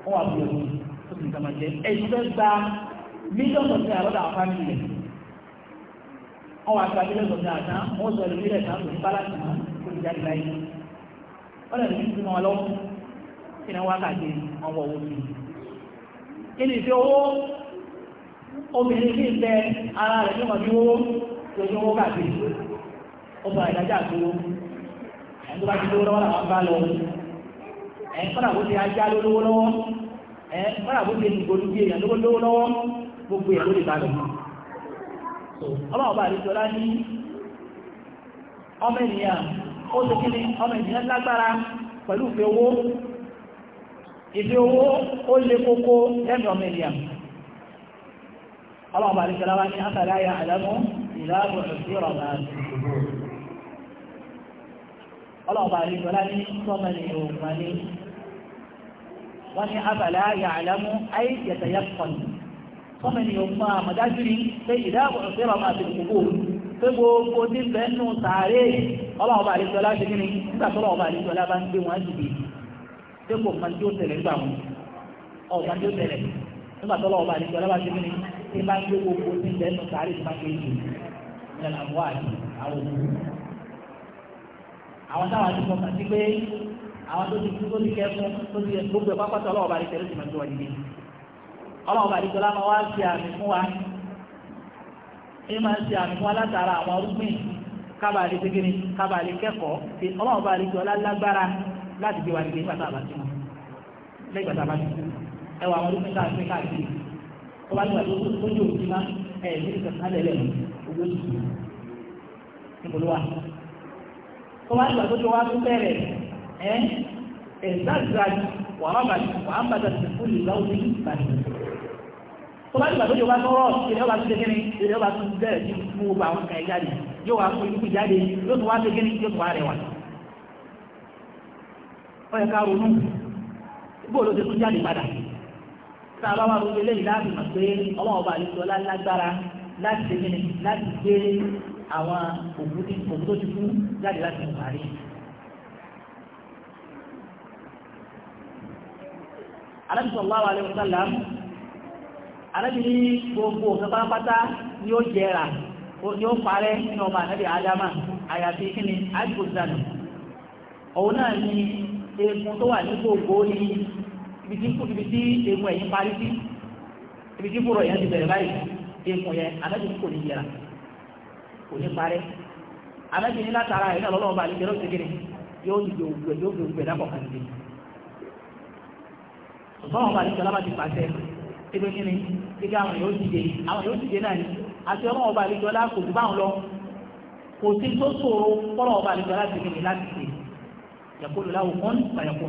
wọ́n wà fún yọ̀ sí ó sì nǹkan máa jẹ ẹ̀yìn fẹ́ gba mílíọ̀nù ọ̀sẹ̀ àlọ́dà àwọn fámìlì rẹ̀ wọ́n wà gba mílíọ̀nù ọ̀sẹ̀ àtàn wọ́n sọ ẹ̀rọ mílíọ̀nù àtàn lórí báláṣì náà kó ti jáde láyé wọ́n lè obìnrin sí ìfẹ́ ara rẹ̀ ní ọdún owó lójú owó káàkiri ó bọ̀ ìdájá àtúwó ẹ̀ tó bá ti lówó lọ́wọ́ làwọn bá lọ ẹ̀ kọ́nà bó ti ajá lówó lọ́wọ́ ẹ̀ kọ́nà bó ti nìgbòdú bí èèyàn lówó lówó lọ́wọ́ gbogbo ẹ̀ ló lè bá lọ ọlọ́wọ́ bá àdéjọ lá ní ọmọ ènìyàn ó ti kí ni ọmọ ènìyàn lágbára pẹ̀lú ìfẹ́ owó ìfẹ́ owó ó lé kókó lẹ́nu ọmọ ènìyàn ọlọ́run bá nìkan láwá ní afẹ́lá yà àdámú ìlàbò ìṣúrọ̀ máa ti ṣòro ọlọ́run bá nìkan lá ní sọ́mọ̀lì òun ní wọ́n ní afẹ́lá yà àdámú ayé yẹ̀tẹ̀ yẹ pọ̀n sọ́mọ̀lì òun máa mọ̀dájú ni pé ìlàbò ìṣúrọ̀ máa ti ṣòro pé gbogbo ní bẹ́ẹ̀nù sàárè ọlọ́run bá nìkan lá ṣe kí ni nígbà tó ọlọ́run bá nìkan lá bá ń gbé wọn jìbì dépò mọ̀ndí ó tẹ̀lé nígbà wọn ọ̀ mọ̀ndí ó tẹ̀lé nígbà tó ọlọ́run bá nìkan lá bá ṣe kí ni tí máa ń gbé gbogbo tí ń bẹ́ẹ̀ nù sáré tí máa ń gbé jù ní àlàbọ̀ àti àwọn òkú. àwọn táwọn àti fọkàn sí pé àwọn tó ti kú tó ti kẹ́ fún tó ti gbogbo ẹ̀ pápátọ̀ ọlọ́wọ́ bá rí tẹ̀lé ti máa ń gbọ́ nílé. ọlọ́wọ́ bá rí tọ́lá máa wá ṣe àmì fún wa ní máa ń ṣe àmì fún wa látara àwọn arúgbìn kábàá lè gbégbé kẹ́kọ̀ọ́ tí ọlọ́wọ́ bá rí tọ́lá lágbára láti gbé wa nílé nígbà tá a bá tó bá nígbà tó yóò ti má ẹ̀ ní ìkàkà lẹ́lẹ̀ ojú oṣù níbolówà tó bá nígbà tó tó wá tó bẹ̀rẹ̀ ẹ̀ ẹ̀záàzáàjì wàhábàjì wàhábàjì àti fúlì láwùjọ ìbàdàn tó bá nígbà tó tó wá tọrọ ìrẹ́ ọba tó tẹ́kẹ́ni ìrẹ́ ọba tó bẹ̀rẹ̀ sí mú ọba àwọn kan jáde yóò wá fún ikú jáde yóò tó wá tẹ́kẹ́ni yóò tó wá rẹwà ó yẹ ká ronú bóòlù tó tún jáde padà tá a bá wà lórí eléyìí láti mọ̀ pé ọlọ́wọ́ba àlejò lágbára láti ṣe kíni láti gbé àwọn òkú tó ti kú jáde láti mọ̀ parí. Ànábì sallallahu alaihi wasallam Ànábì ní gbogbo ọ̀sán pátápátá ni ó jẹrà ni ó parẹ́ nínú ọmọ Ànábì Ádámà àyàfi kíni àìkò ìdànù òun náà ni eegun tó wà ní gbogbo ní ibi tí kú ibi tí egun ẹ̀yìn parí sí ibi tí kúrò ẹ̀yìn ti bẹ̀rẹ̀ báyìí egun yẹn anábì kò ní yẹra kò ní parẹ́ anábì ní látara ẹ̀yìn náà lọ́wọ́ bá alẹ́ kẹrẹ́ òṣèkèrè yóò ti gbé ògbẹ yóò gbé ògbẹ dábọ̀ kan níbi ṣùgbọ́n àwọn àlejò alábàtì pàṣẹ ebe kíni kíkẹ́ àwọn yóò dìde àwọn yóò dìde náà ni àti ọmọ ọba àlejò ọlá kò jù báwọn lọ kò sí tó ṣòro fọlọ́ ọba àlejò ọlá ti kíni láti ṣe yẹ̀kọ́ lọ́wọ́ kún fàyẹ̀kọ́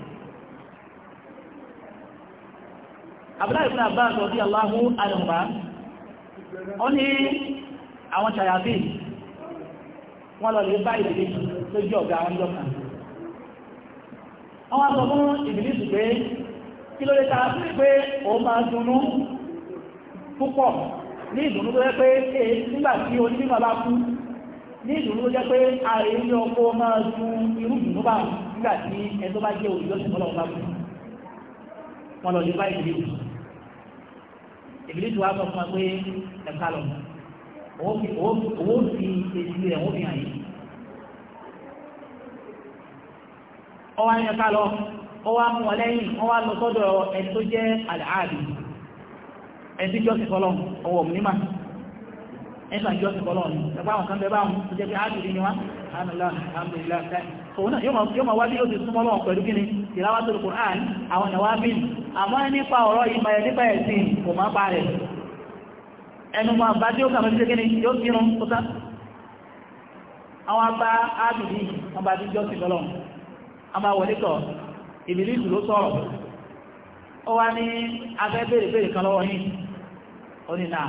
abdullahi ibn abbas rọ̀dí aláhù alùmá ó ní àwọn ṣàyàbí wọ́n lọ lè bá ìbìlì lójú ọ̀gá àwọn jọ́kàn wọ́n wá sọ fún ìbìlì sù pé kí ló lè ta sí pé o máa dùnnú púpọ̀ ní ìdùnnú tó jẹ́ pé nígbà tí onímọ̀ bá kú ní ìdùnnú tó jẹ́ pé ààrẹ ilé ọkọ̀ máa dùn irú ìdùnnú bá nígbà tí ẹjọ́ bá jẹ́ òjò ìjọsìn ọlọ́run bá kú wọ́n ìbílẹ̀ tó wá sọ fún wa pé ẹ̀ka lọ owó fi èsì rẹ̀ wọ́n fi hàn yìí ọwá ní ẹ̀ka lọ ọwá mú wọn lẹ́yìn ọwá lọ sọ́dọ̀ ẹni tó jẹ́ àlàáàbì ẹni tí jọ́sìn fọlọ́n ọwọ́ mímà ẹni tí jọ́sìn fọlọ́n ẹgbẹ́ àwọn kan bẹ báwọn tó jẹ́ pé áàbì ní wọn alhamdulillah alhamdulillah òun náà yóò máa wájú yóò ti súnmọ́ lọ́wọ́ pẹ̀lú gíní ìlàwátò Qur'an àwọn ìyàwó amín àmọ́ nípa ọ̀rọ̀ ìmọ̀ nípa ẹ̀sìn kò máa bá rẹ̀ ẹnu máa bá tí ó kàmọ́ sí gíní yóò ti rún kúta àwọn abá ábìlì wọn bá ti jọ́ sí lọ́lọ́ àmà wọlé kọ ìbìlì ìlú sọ̀rọ̀ ó wá ní abẹ́ béèrè béèrè kan lọ́wọ́ yìí ó ní náà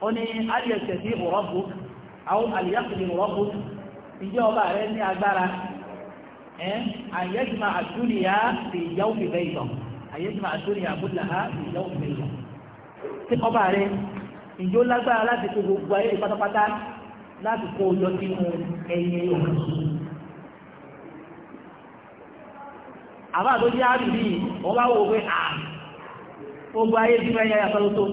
ó ní aliyẹ̀sẹ̀ sí ìwọ̀rọ̀ bùk àwọn aliyẹ̀sẹ̀ sí ìwọ̀rọ̀ bùk ìjọ ọba rẹ ní agbára àyẹ́jìmá àdúrìyà sí ìyàwó ìbẹ́ ìlọ àyẹ́jìmá àdúrìyà búláhà sí ìyàwó ìbẹ́ ìlọ tí ọba rẹ ìjọ lágbára láti kó gbogbo ayé pátápátá láti kó yọ sínú ẹyẹ òun àbá tó jẹ́ àrùbí wọ́n bá wò pé à gbogbo ayé sínú ẹyẹ àtọ́lótó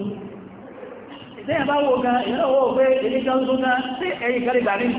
ìtẹ́yìn bá wò gan ìrànwọ́ pé èdè kan tó gan sí ẹ̀yìn kan lè gbà nínú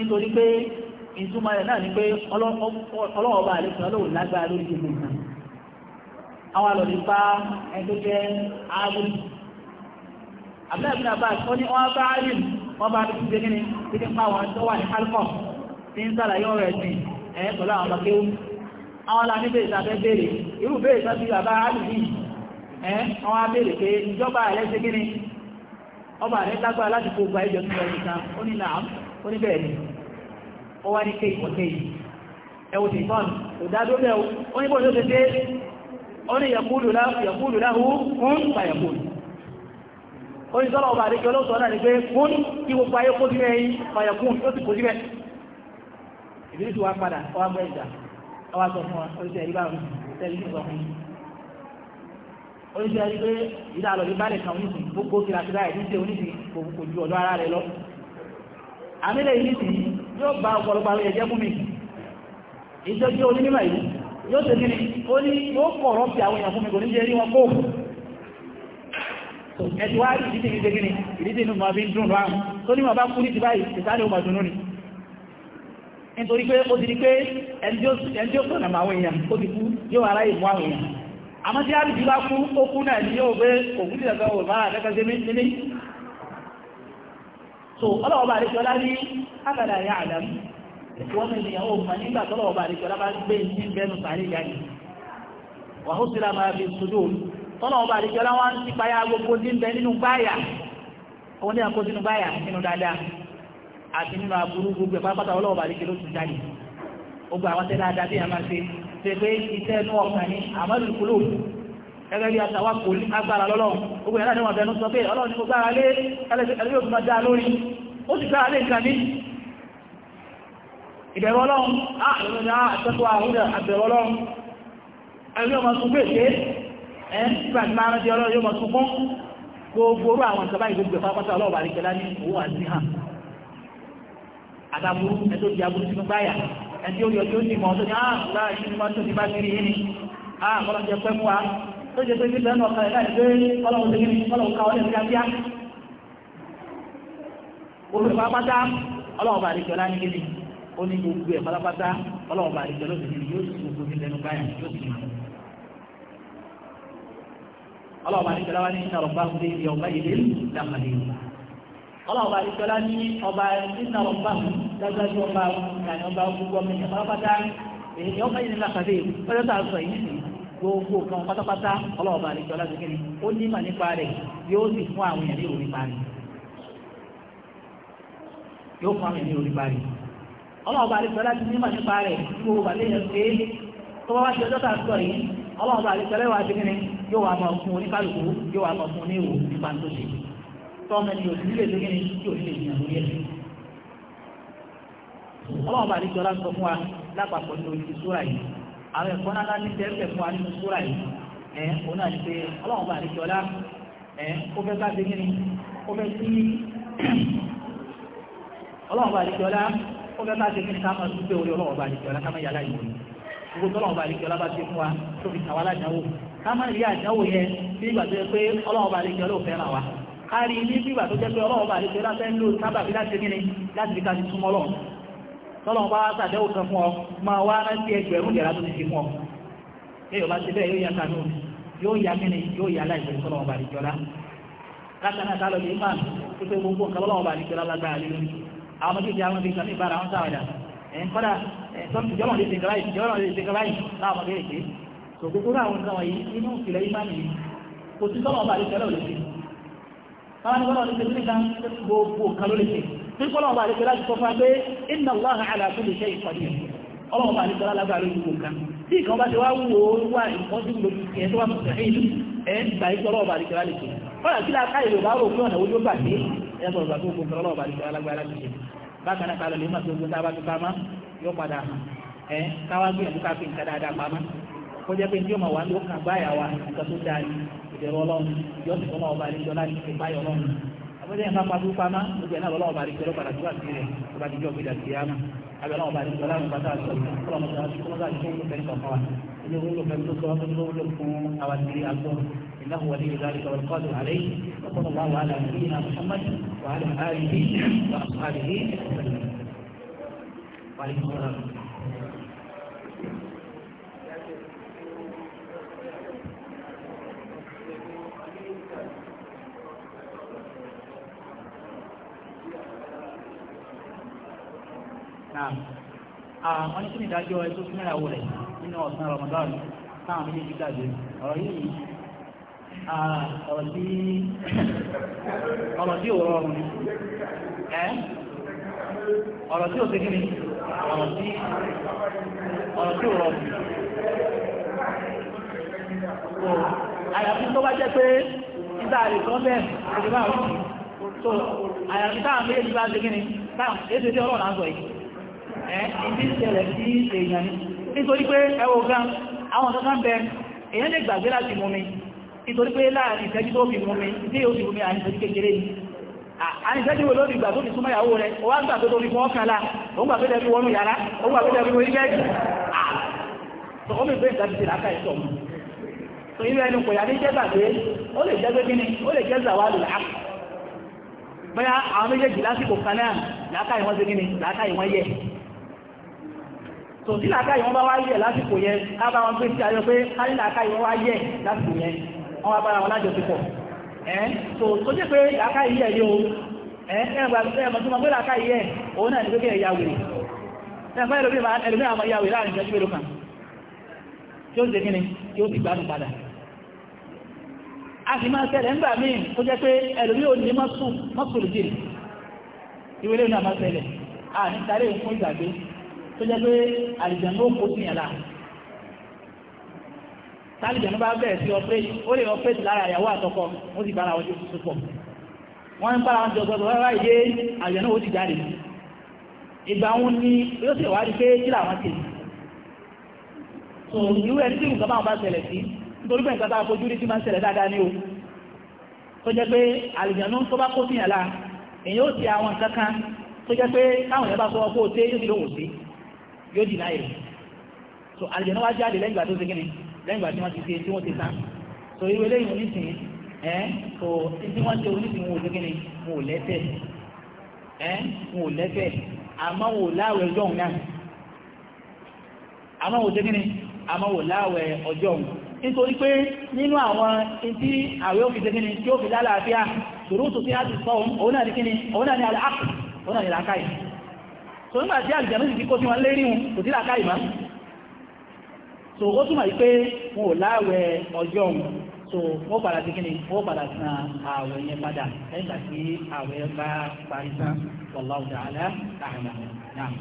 nítorí pé ìtumọ̀ rẹ̀ náà ni pé ọlọ́ọ̀bá àlẹ́sìn ọlọ́wọ̀ lágbára lórí gbogbo nǹkan àwọn àlọ́lẹ̀ bá ẹgbẹ́ jẹ́ ààrùn àbẹ́ẹ̀bìnà bá tó ní wọ́n bá rí wọ́n bá rí ṣe gíní tí ní pa wọn tó wà ní alcohol tí ń sàlàyé ọ̀rọ̀ ẹ̀sìn ẹ̀yẹ́ pẹ̀lú àwọn ọmọkéwú àwọn ọlá níbẹ̀ ìsàfẹ́ béèrè irú béèrè sọ́tí bàbá rí yìí ẹ̀ wọ́n á béèrè pé ìjọba rẹ̀ ṣe gíní ọba rẹ̀ lágbára láti kó gba ìjọ ó wá ní kéyì ọ̀tẹ́yì ẹwù tí fọ́n kò dádó lẹ́wù ó ní bọ́ọ̀ ló ṣe dé ó ní yẹ̀kúlù láhú fún fàyẹ̀kúlù ó ní sọ́lọ̀ ọba àdéjọ́ ló sọ náà ní pé fún kí gbogbo ayé kó sílẹ̀ yìí fàyẹ̀kúlù ó sì kó sílẹ̀ ìbílẹ̀ tí wàá padà ọwá gbọ́ ìjà ọwá sọ fún wa oríṣẹ́ ìrí báwọn tẹ́lẹ̀ sí sọ fún yìí oríṣẹ́ ìrí pé ìdá àlọ́ àmìlẹ̀ yìí sí yóò bá ọ̀pọ̀lọpọ̀ àwọn ẹ̀jẹ́ mú mi ìjọ jẹ́ onímọ̀ yìí yóò tẹ́ gíní ó ní yóò kọ̀rọ̀ sí àwọn èèyàn fún mi kò ní jẹ́ rí wọn kó ẹ̀tì wá rí ìdíje ìdíje gíní ìdíje inú ma fi ń dùn lọ àrùn tó ni nítorí pé ó ti di pé ẹni ó sọ̀nà àwọn èèyàn ó ti kú yóò àmọ́ tí a rí bí bá kú ó náà ni yóò gbé òkú so ọlọ́ọ̀bá àríkọlá ní àbàdà ya àdám ìwọ́n ènìyàwó ma nígbà tọ́lọ̀ọ̀bá àríkọlá bá gbé ní bẹnu sàárè yàní wà ó síra máa fi sùdó wọ́n ti payá gbogbo ní bẹ nínú báyà ní báyà nínú dáadáa àti nínú aburú gbogbo a gẹ́gẹ́ bí àtàwà kò ní agbára lọ́lọ́run gbogbo ẹ̀lá ni wọ́n bẹ̀rẹ̀ sọ pé ọlọ́run ni kò gbára lé ẹlẹ́gbẹ̀rẹ̀ yóò máa dá lórí ó sì gbára lé nǹkan ní ọlọ́run ààrùn tí ó yọ tí ó sì mọ̀ ọ́ tó ní ààrùn láàrín ní wọ́n tó ti bá kiri yìí ni ààrùn ah, ọlọ́run wa tó jẹ́ pé ní bẹ́ẹ̀ náà kàrẹ̀ láti gbé ọlọ́run tẹ́gẹ́ ní ọlọ́run ká ọlẹ́ kíákíá gbogbo ẹ̀ pátápátá ọlọ́run bá rí jọ láti gbé ó ní gbogbo ẹ̀ pátápátá ọlọ́run bá rí jọ lóṣèlú yóò sì gbogbo ní lẹ́nu báyà yóò sì máa ọlọ́run bá rí jọ láti ní ọ̀rọ̀ bá gbé ní ọba ilé dàmàlẹ́ ọlọ́run bá rí jọ láti ní ọba nínú ọ̀rọ̀ bá dájú ọba ìlànà ọba gbogbo ọmọ ènìyàn pátápátá ènìyàn ọba yìí ní gbogbo kan pátápátá ọlọ́ọ̀bà àlejò aláṣẹ́kẹ́ni ó nímọ̀ nípa rẹ̀ yóò sì fún àwọn èèyàn ní òní parí yóò fún àwọn èèyàn ní òní parí ọlọ́ọ̀bà àlejò aláṣẹ́ nímọ̀ nípa rẹ̀ gbogbo bàtẹ́ yẹn pé tó bá wá ṣe ọjọ́ sọ yìí àlejò àwọn ẹ̀kọ́ náà láti tẹ́ ẹ̀fẹ̀ fún wa nínú súra yìí ẹ̀ òun náà ti pé ọlọ́run bá àdéjọ ọlá ẹ̀ ó fẹ́ ká ṣe kí ni ó fẹ́ sí ọlọ́run bá àdéjọ ọlá ó fẹ́ ká ṣe kí ni ká máa dúpẹ́ orí ọlọ́run bá àdéjọ ọlá ká máa yàrá ìwòye gbogbo tọ́lọ́run bá àdéjọ ọlá bá ṣe fún wa tó fi kàwá lájáwó ká má rí àjáwó yẹn bí ìgbà tó yẹ pé ọlọ́run bá àdéjọ ọlá ò fẹ́ràn wa ká rí ní bí ìgbà tó jẹ́ pé ọlọ́run bá àdéjọ ọlá fẹ́ tọ́lọ́wọ́ bá wá sàdẹ́wò kan fún ọ máa wá rántí ẹgbẹ̀rún ìyàrá tó ti fi fún ọ yóò bá ti bẹ́ẹ̀ yóò yá kanú yóò yá kíni yóò yá láìpẹ́ tọ́lọ́wọ́ bá àdìjọ́lá látàná tá lọ́ọ́ lè máa tó pé gbogbo nǹkan lọ́wọ́ bá àdìjọ́lá lágbára lé lórí àwọn ọmọdé ti àwọn ìgbà níbàrà wọn sáwàdà ẹ̀ ń kọ́dà jọ́lọ́ lè ṣèkà báyìí jọ́lọ́ lè ṣèkà báyìí láwọn ọmọdé èké tó gbogbo àwọn nǹkan wọ̀nyí tí kọ́lọ̀ ọba àdìsọ́lá ti sọ fún wa pé inna Allaha ala kulli shay'in qadir ọlọ́wọ́ bá àdìsọ́lá lágbàrí ka ọ tí ìkan bá ti wá wù ó wà ìkọ́sí lójú ẹ̀ tó wà mùsùlùmí ẹ̀ ọba àdìsọ́lá lè wọ́n jẹ́ ìfapá tó pamá ó jẹ́ náà lọ́wọ́ bá rí pẹ̀lú padà tó wà sí rẹ̀ tó bá dijọ́ gbé dàgbé yá náà abẹ́ náà bá rí pẹ̀lú àwọn ìpàtà àti ọ̀gbìn kọ́lọ́mọdé àti kọ́lọ́mọdé àti kọ́lọ́mọdé àti kọ́lọ́mọdé àti kọ́lọ́mọdé إنه ولي ذلك والقادر عليه وصلى الله على نبينا محمد وعلى آله وأصحابه وسلم. وعليكم السلام náà ah, wọ́n ní kí ni ìdájọ́ ẹ tó súnmọ́ ìyàwó rẹ̀ nínú ọ̀sán Ramadan táwọn méjèèjì gbàgbé ọ̀rọ̀ yìí ah, ọ̀rọ̀ tí ọ̀rọ̀ tí ò rọrùn ni ẹ́ ọ̀rọ̀ tí ò sí kíni ọ̀rọ̀ tí ọ̀rọ̀ tí ò rọrùn so àyàfi tó bá jẹ́ pé nígbà rẹ̀ tó bẹ́ẹ̀ ìdíbà rẹ̀ so àyàfi táwọn méjèèjì bá ṣe kíni táwọn èsì tí ọlọ́run á sọ yìí ìdí ìṣẹ̀lẹ̀ sí èèyàn ni nítorí pé ẹwọ gan àwọn ọ̀sán kan bẹ èèyàn lè gbàgbé láti mú mi nítorí pé láàrin ìṣẹ́jú tó fi mú mi tí yóò fi mú mi àìṣẹ́jú kékeré ni àìṣẹ́jú wo lórí ìgbà tó fi súnmọ́ ìyàwó rẹ ó wá gbà tó tó fi fún ọkàn la ó gbà tó tẹ́ fi wọnú yàrá ó gbà tó tẹ́ fi wọnú bẹ́ẹ̀dì ó mi gbé ìgbàgbé ti làákà ìṣọ̀ mu tó ilé ẹnu kò yà ní jẹ́ gbàgbé ó lè jẹ́ gbé kíni ó lè jẹ́ tò sí làákà ìwọ́n bá wá yẹ̀ lásìkò yẹn á bá wọn gbé sí ayọ̀ pé á ní làákà ìwọ́n wá yẹ̀ lásìkò yẹn wọ́n wá bára wọn lájọṣepọ̀ ẹ́ tò tó jẹ́ pé làákà ìyẹ̀ yìí o ẹ́ ẹ̀mọ̀ tó mọ̀ pé làákà ìyẹ̀ òun náà ní pé kí ẹ̀yà wèrè ẹ̀fẹ́ ẹlòmí àmọ́ ìyá wèrè láàrin ìjọ́jú mélòó kan tí ó ń ṣe kíni tí ó ti gbádùn padà a sì máa ṣẹlẹ̀ ńgbà míì tó jẹ́ pé ẹlòmí ò ní mọ́sùlù jìrì ìwé lè ní àmọ́ ṣẹlẹ̀ à ní sáré fún ìgbàgbé tó jẹ́ pé àlìjànú ó kó sí yàn láà tálìjànú bá bẹ̀rẹ̀ sí ọpẹ́tì ó lè ọpẹ́tì lára ìyàwó àtọkọ ó sì bára wọn jọ tuntun pọ̀ wọ́n ń bára wọn jọ gbọdọ̀ wọ́n ráyè àlìjànú ó ti jáde ìgbà wọn ni yóò sì wá rí pé kí làwọn ti so irú ẹni tí nǹkan máa bá ṣẹlẹ̀ sí nítorí pé nǹkan tá a fojú rí sí máa ń ṣẹlẹ̀ dáadáa ní o tó jẹ́ pé àlìjànú tó bá kó sí yàn láà èyí ó ti àwọn kankan tó jẹ́ pé káwọn yẹn bá sọ ọkọ̀ òté yóò sì lóhùn sí yóò dì láyè so àlùjànnà wá jáde lẹ́yìn ìgbà tó ṣe kíni lẹ́yìn ìgbà tí wọ́n ti ṣe tí wọ́n ti tán so irú eléyìí onísìn ẹ́ so tí wọ́n ṣe onísìn wọn ò ṣe kíni wọn ò lẹ́sẹ̀ ẹ́ wọn ò lẹ́sẹ̀ àmọ́ wọn ò láwẹ̀ ọjọ́ òun náà àmọ́ wọn ò ṣe kíni àmọ́ wọn ò láwẹ̀ ọjọ́ òun nítorí pé nínú àwọn tí àwẹ̀ òfin ṣe kíni tí ó fi lálàáfíà ṣòro tó fi á ti sọ òun náà ní kíni òun náà ní àlàáfíà òun náà ní làákàyè so nígbà tí àlùjànnú sì ti kó sí wọn lérí wọn kò sí làkà ìmá so ó túmọ̀ yìí pé wọn ò láwẹ̀ ọjọ́ wọn so wọ́n padà sí kíni wọ́n padà san ààwẹ̀ yẹn padà lẹ́yìn ìgbà tí ààwẹ̀ bá parí tán wallahu ta'ala a'lam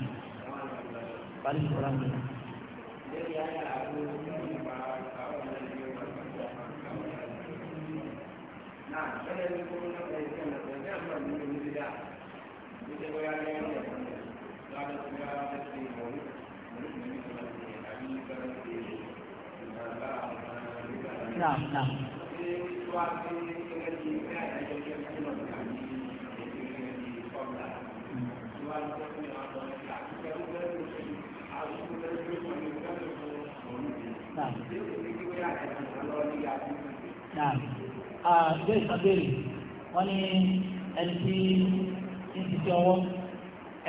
Naam, naam. Àgbé ìsọ̀bẹ̀rẹ̀ wọ́n ní ẹni tí ń ti ṣe ọwọ́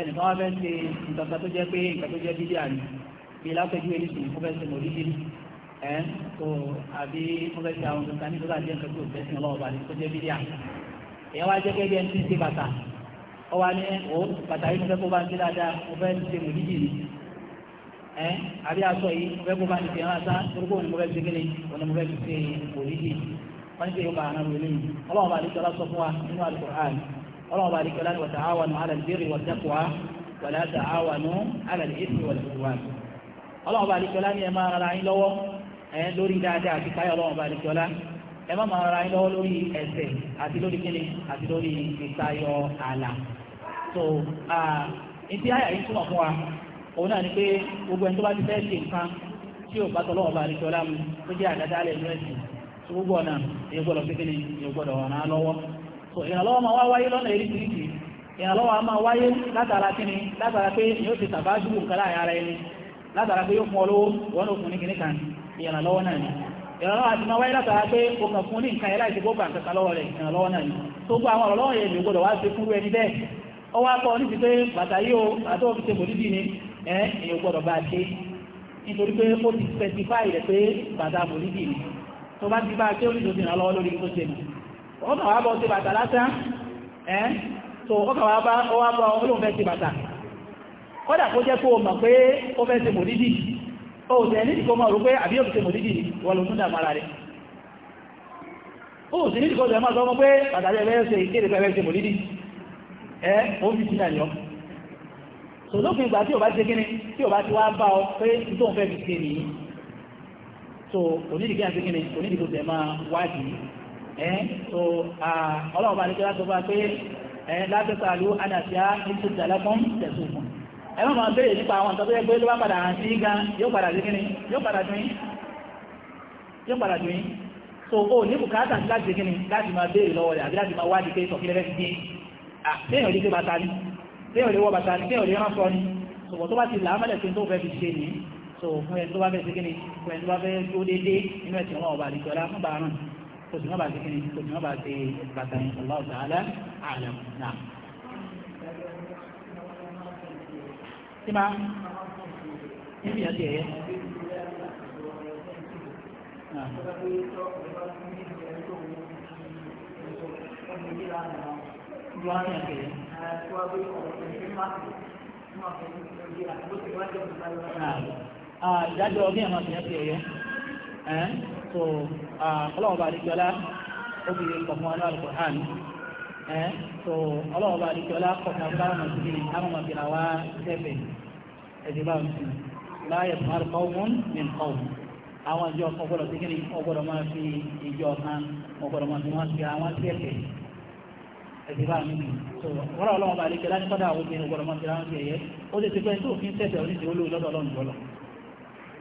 ẹnìkan wá fẹ́ ṣe nǹkan tó jẹ́ pé nǹkan tó jẹ́ bíbí àná bí lápẹjú èyí sì fún fẹ́ ṣe mọ̀ dídí ẹ̀ tó àbí fún fẹ́ ṣe àwọn nǹkan ní ìdókòwò àti nǹkan tó fẹ́ ṣe ọlọ́wọ́ balẹ̀ tó jẹ́ bíbí àná èyàn wá jẹ́ kẹ́bí ẹni tí ń ṣe bàtà ọ wá ní ó bàtà yìí mo fẹ́ kó bá ń ṣe dáadáa mo fẹ́ ṣe mọ̀ dídí ni ẹ̀ àbí aṣọ yìí mo fẹ́ kó bá ń ṣe اللهم بارك لنا láti على ta'awanu 'ala ولا birri على taqwa wa اللهم بارك لنا al-ithmi wal-'udwan ọlọ́run bá dìkẹ́ láti ẹ máa rara yín lọ́wọ́ ẹ lórí dáadáa àti káyọ̀ ọlọ́run bá dìkẹ́ lá ẹ má máa rara yín lọ́wọ́ lórí ẹ̀ṣẹ̀ àti lórí kíni àti lórí ìtayọ̀ ààlà so ìdí àyà yìí túmọ̀ fún wa òun náà ni pé gbogbo ẹni tó bá ti fẹ́ ṣe nǹkan tí ò bá tọ́lọ́wọ́ bá dìkẹ́ lá mu tó jẹ́ àdáda alẹ́ ìlú ẹ̀sìn tó gbogbo ọ̀nà èyí gbọ́dọ̀ fi kíni èyí gbọ́dọ̀ ọ̀nà lọ́wọ́ so ìrànlọ́wọ́ máa wá wáyé lọ́nà eríṣiríṣi ìrànlọ́wọ́ a máa wáyé látara kíni látara pé yóò ti tàbá jù nǹkan ara ẹni látara pé yóò fún ọ lówó wọn fún ní kíní kan ìrànlọ́wọ́ náà ni ìrànlọ́wọ́ àti wáyé fún ní nǹkan lọ́wọ́ rẹ̀ ìrànlọ́wọ́ náà ni tó gbọ́ àwọn ọ̀rọ̀lọ́wọ́ yẹn lè gbọdọ̀ wá sí ẹni bẹ́ẹ̀ wá kọ́ ní ti pé bàtà ṣe ni ẹ èyàn gbọdọ̀ bá a ṣe ti specify bàtà ni tó bá ti bá wọ́n kà wá bọ́ sí bàtà lásán ẹ́ tó ó kà wá bá ọwá bọ́ olóhùn fẹ́ sí bàtà kọ́dà kó jẹ́ kó o mọ̀ pé ó fẹ́ sí mòdídì ó tẹ̀ ní ìkó mọ̀ rú o àbí òkè mòdídì wọ́n ló múdà mara rẹ̀ ó sì ní ìkó tẹ̀ máa sọ pé bàtà lẹ́ fẹ́ sí kéde pẹ́ fẹ́ sí mòdídì ẹ́ ó fi sí náà yọ sòlófin ìgbà tí o bá ṣe kíni tí o bá ti wá bá ọ pé tó ń fẹ́ fi ṣe nìyí so onídìí kí á ṣe kíni onídìí kò tẹ̀ máa wádìí ẹ́ so ọlọ́run bá ní kí lásán bá pé ẹ lábẹ́sà ló àdàsíá ní ti dàlẹ́kùn tẹ̀sùn fún ẹ má máa béèrè nípa àwọn nǹkan tó yẹ pé ló bá padà hàn sí gan yóò padà sí o ní bùkátà sí láti kíni láti máa béèrè lọ́wọ́ rẹ̀ àbí láti máa wádìí pé sọ̀kí lẹ́fẹ́ ti dé à téèyàn rí pé bàtà ni téèyàn rí wọ́ bàtà ni téèyàn rí ránṣọ ni sọ̀bọ̀ tó bá ti là á mọ́lẹ̀ pé tó fẹ́ fi ṣe nìyí so fún ẹni tó bá fẹ́ ṣe kíni fún ẹni tó bá tòsí má bàa ṣe kíni tòsí má bàa ṣe bàtà yẹn Allahu ta'ala a'lam náà. tí máa níbi àti ẹ̀yẹ. ẹ̀yẹ. Ah, ìdájọ́ ọdún ẹ̀ma ti ẹ̀yẹ ẹ́ eh, so ah, ọlọ́wọ́ bá àdìjọ́lá obìnrin kọ̀ọ̀kan ní alukur'an eh, so ọlọ́wọ́ bá àdìjọ́lá kọ̀ọ̀kan bá wọn sí ní àwọn ọmọbìnrin wa sẹ́fẹ̀ ẹ̀dí bá láyé fún qawmun min qawm àwọn ìjọ kan gbọ́dọ̀ sí kíni ọgbọ́dọ̀ máa fi ìjọ kan ọgbọ́dọ̀ máa fi wọ́n sí àwọn sẹ́fẹ̀ ẹ̀dí sí so wọ́n ọlọ́wọ́ bá àdìjọ́lá ní kọ́dà àwọn obìnrin ọgbọ́dọ̀ máa fi àwọn sẹ́fẹ̀ ó lè ti pẹ́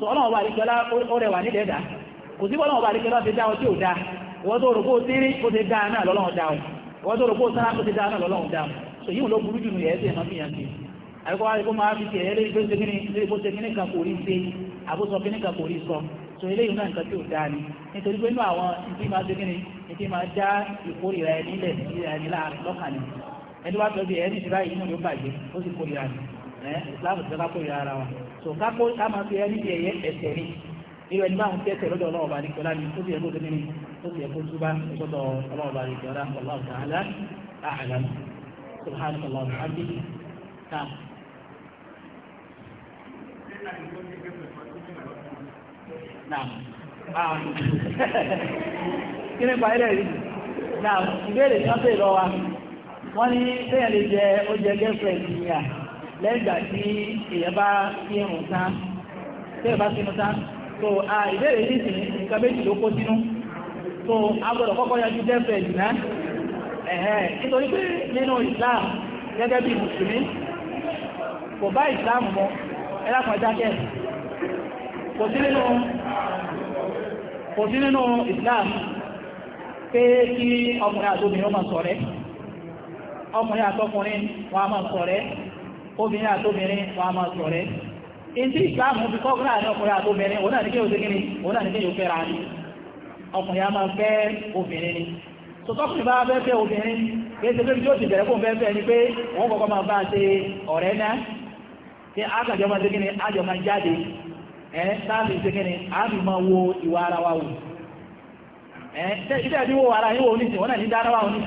so ọlọ́wọ́ bá rí kẹlá ó rẹwà nílẹ̀ dá kò sí bọ́lọ́wọ́ bá rí kẹlá ti dá ọ tí ò dá wọ́n tó rò kó tírí ó ti dá náà lọ́lọ́wọ́ dá ọ wọ́n tó rò kó sára ó ti dá náà lọ́lọ́wọ́ dá ọ so yíò ló burú jù nù ẹ̀ẹ́sẹ̀ máa fìyàn sí àyíkọ́ wa kó máa fi ṣe ẹ̀rẹ́ ìgbé ṣe kíní ìgbé ṣe kíní kan kò rí ṣe àbúsọ kíní kan kò rí sọ so eléyìí náà nǹkan tí ò dáa ni nítorí pé inú àwọn ìdí máa ṣe já ìkórìíra ẹni ilẹ̀ ìrìnàjì lọ́kàn ni ẹni wá sọ bí ẹni ìṣúra yìí inú ló bàjẹ́ ó sì kórìíra ni ẹ ìsìláàmù ti fẹ́ ká kórìíra ara so kápó káma fi ẹni di ẹyẹ ẹsẹ̀ ni irú ẹni báwọn tẹ́tẹ̀ lọ́dọ̀ ọlọ́ọ̀bà àdìgbọ́lá ni tó fi ẹ̀kọ́ tó ní tó fi ẹ̀kọ́ tó bá lọ́dọ̀ ọlọ́ọ̀bà àdìgbọ́lá lẹ́yìn ìgbà tí èèyàn bá fi irun tán tẹ́ẹ̀ bá sínú tán so ìbéèrè yìí sì nǹkan méjì ló kó sínú so agbọ́dọ̀ kọ́kọ́ yanjú dẹ́fẹ̀ jù náà ẹ̀hẹ́ nítorí pé nínú Islam gẹ́gẹ́ bí mùsùlùmí kò bá Islam mọ́ ẹlákan jákẹ́ kò sí nínú Islam pé kí ọkùnrin àtòbìnrin máa ṣọ̀rẹ́ ọkùnrin àtọkùnrin wọn a máa ṣọ̀rẹ́ obìnrin àtóbìnrin wọn a máa ṣọ̀rẹ́ in tí ìsìláàmù fi kọ́gbọ́n àti ọkùnrin àtóbìnrin òun náà ní kí òsì gíní òun náà ní kí o fẹ́ra ní ọkùnrin a máa fẹ́ obìnrin ni so tọ́kùnrin bá fẹ́ fẹ́ obìnrin gẹ́gẹ́ pé yóò ti bẹ̀rẹ̀ fún fẹ́ fẹ́ ni pé wọ́n kọ́kọ́ máa bá ṣe ọ̀rẹ́ náà tí ákàjọ máa ṣe gíní ájọ máa jáde ẹ́ sáàbì ṣe gíní àbì máa wo ìwà ara wa wò ẹ́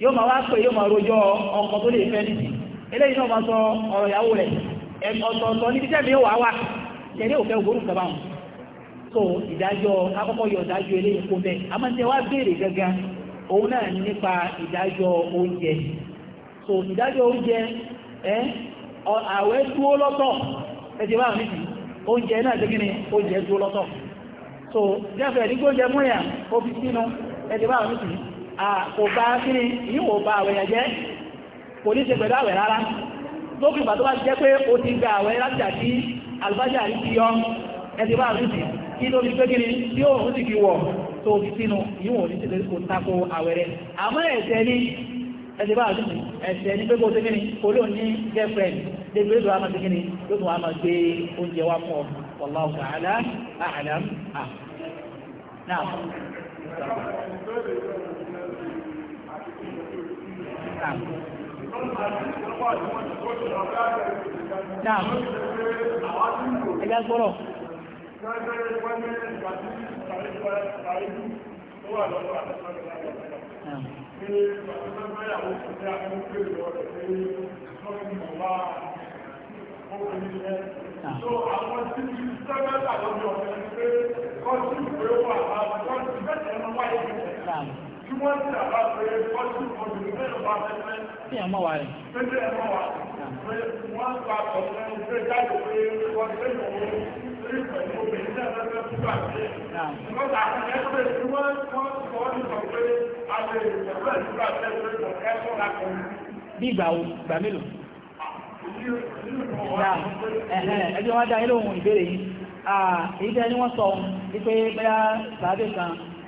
yóò máa wá pé yóò máa rojọ́ ọkọ tó lè fẹ́ nìsí eléyìí náà máa sọ ọ̀rọ̀ ìyàwó rẹ̀ ọ̀tọ̀ọ̀tọ̀ níbi tẹ́mi yóò wá wà tẹ̀lé òfẹ́ ògbórùn kaba wọn so ìdájọ́ akọ́kọ́ yọ ìdájọ́ eléyìí kó bẹ́ẹ̀ a máa ń tẹ wá béèrè gangan òun náà ní nípa ìdájọ́ oúnjẹ so ìdájọ́ oúnjẹ ẹ àwẹ̀ dúró lọ́tọ̀ ẹ ti báwọn níbi oúnjẹ náà ti kíni oúnjẹ dúró lọ́tọ̀ so jẹ́fẹ̀ẹ́ nígbóúnjẹ múyà ó fi sínú ẹ ti báwọn níbi kò bá kíni yíò bá àwẹ̀yàn jẹ́ kò ní ṣe pẹ̀lú àwẹ̀ rárá lókè tó bá jẹ́ pé o ti gba àwẹ̀ láti àti alùbájà rí ti yọ ẹti bá rí ti kí ló fi pé kíni tí ó ń sì fi wọ̀ tó fi sínú yíò ní ṣe kò tako àwẹ̀ rẹ̀ àmọ́ ẹ̀ṣẹ̀ ní ẹti bá rí ti ẹ̀ṣẹ̀ ní pé kó ṣe kíni kó ló ní girlfriend débi ló tó wá máa ṣe kíni ló tó wá máa gbé oúnjẹ wá fún ọ wallahu ta'ala a'lam ah. Now. Náà, ẹgbẹ́ gbọ́rọ̀. So àwọn tí kí sẹ́gbẹ́ta lọ́jọ́ ọ̀fẹ́ ń pé kọ́ sí ìwé wà láti kọ́ sí ìgbẹ́ta ẹnu wáyé Tí wọ́n ti àbá pé bọ́sù ọdún mẹ́rin bá fẹ́ fẹ́. Tí ẹ̀ mọ́ wa rẹ̀. Pété ẹ̀ mọ́ wa. Pé wọ́n gba wọ́n fẹ́ mọ̀ wọ́n lórí pẹ̀lú obìnrin náà lọ́sẹ̀ tó bá dé. Lọ́sà àwọn ẹgbẹ́ tí wọ́n sọ ní sọ pé a lè sọ̀rọ̀ ìgbà tẹ́ pé kò kẹ́ sọ́ra kan. Bí ìgbà wo, ìgbà mélòó? Ẹjọ́ wá dá ilé ohun ìbéèrè yìí. Èyí tẹ́ ni wọ́n sọ wípé bẹ́yà kan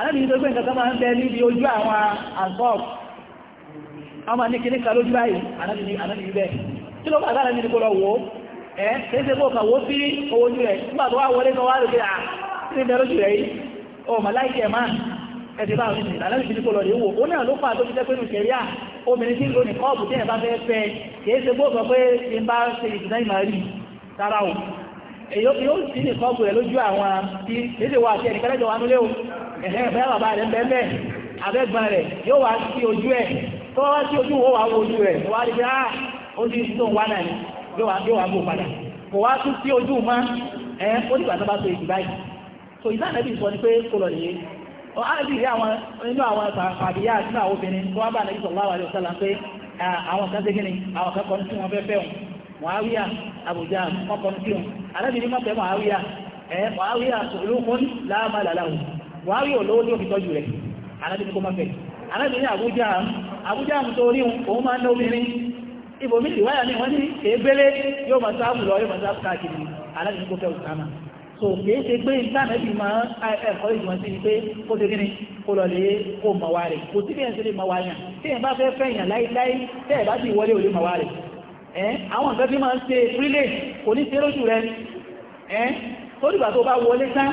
alábìnrin tó gbé nǹkan kan máa ń bẹ níbi ojú àwọn àǹkọ́ọ̀f ọmọ ní kìíní kan lójú báyìí alábìnrin bẹ́ẹ̀ kí ló bàtà alábìnrin kó lọ wò ó ẹ kìí ṣe kó kàn wó sí owó ojú rẹ̀ nígbà tó wá wọlé kan wá lókè à sí ibẹ̀ lójú rẹ̀ yìí ó mà láìkí ẹ̀ máa ẹ̀sẹ̀ bá àwọn ìsìn alábìnrin kó lọ rí wò ó náà ló fà tó fi jẹ́ pé nùkẹ̀rí à obìnrin tí ń lo ní kọ́ọ̀bù tí ẹ̀ bá fẹ́ fẹ́ kìí ṣe gbóògbọ́ pé ti ń bá ṣe ìtìdá ìmárì rárá ẹ̀hẹ́ bẹ́ẹ̀ bàbá rẹ̀ bẹ́ẹ̀ abẹ́gbọ́n rẹ̀ yóò wá sí ojú ẹ̀ tó wá sí ojú wo wá wo ojú rẹ̀ wá rí bí á ah, ó ti tó wá náà ni yóò wá gbó padà kò wá tún sí ojú mọ́ ẹ̀ ó dìgbà tó bá so ìdì báyìí so ìdá nàbì sọ ni pé kò lọ nìyẹn ó á sì rí àwọn nínú àwọn àbíyá nínú àwọn obìnrin tó wá bá nàbì sallallahu alaihi wasallam pé àwọn kan ṣégin ni àwọn kan kọ́ ní tí wọ́n fẹ́ fẹ́ wọn Muawiya Abuja wọn kọ́ ní tí wọn alábìrin mọ́fẹ́ Muawiya ẹ̀ buhari ò lówó ní òfin tọ́jú rẹ̀ alábìnrin kó má fẹ́ alábìnrin àbújá àbújá ń torí òun máa ń ná obìnrin ibòmí ìwáyà ní wọ́n ní èébélé yóò máa sáàbù lọ yóò máa sáàbù káàkiri alábìnrin kó fẹ́ òsàmà so kìí ṣe pé ìtànẹ́bì máa ẹ̀kọ́ ìgbọ̀n sí ni pé kó ṣe kí ni kó lọ lè kó mọ̀ wá rẹ̀ kò sí bí ẹ̀ ṣe lè mọ̀ wá yàn tí ẹ̀ bá fẹ́ fẹ̀yàn láíláí tẹ́ ẹ̀ bá sì wọlé òlé mọ̀ wá rẹ̀ ẹ́ àwọn nǹkan tí máa ń ṣe frílẹ̀ kò ní ṣe lóṣù rẹ̀ tó dìgbà tó bá wọlé tán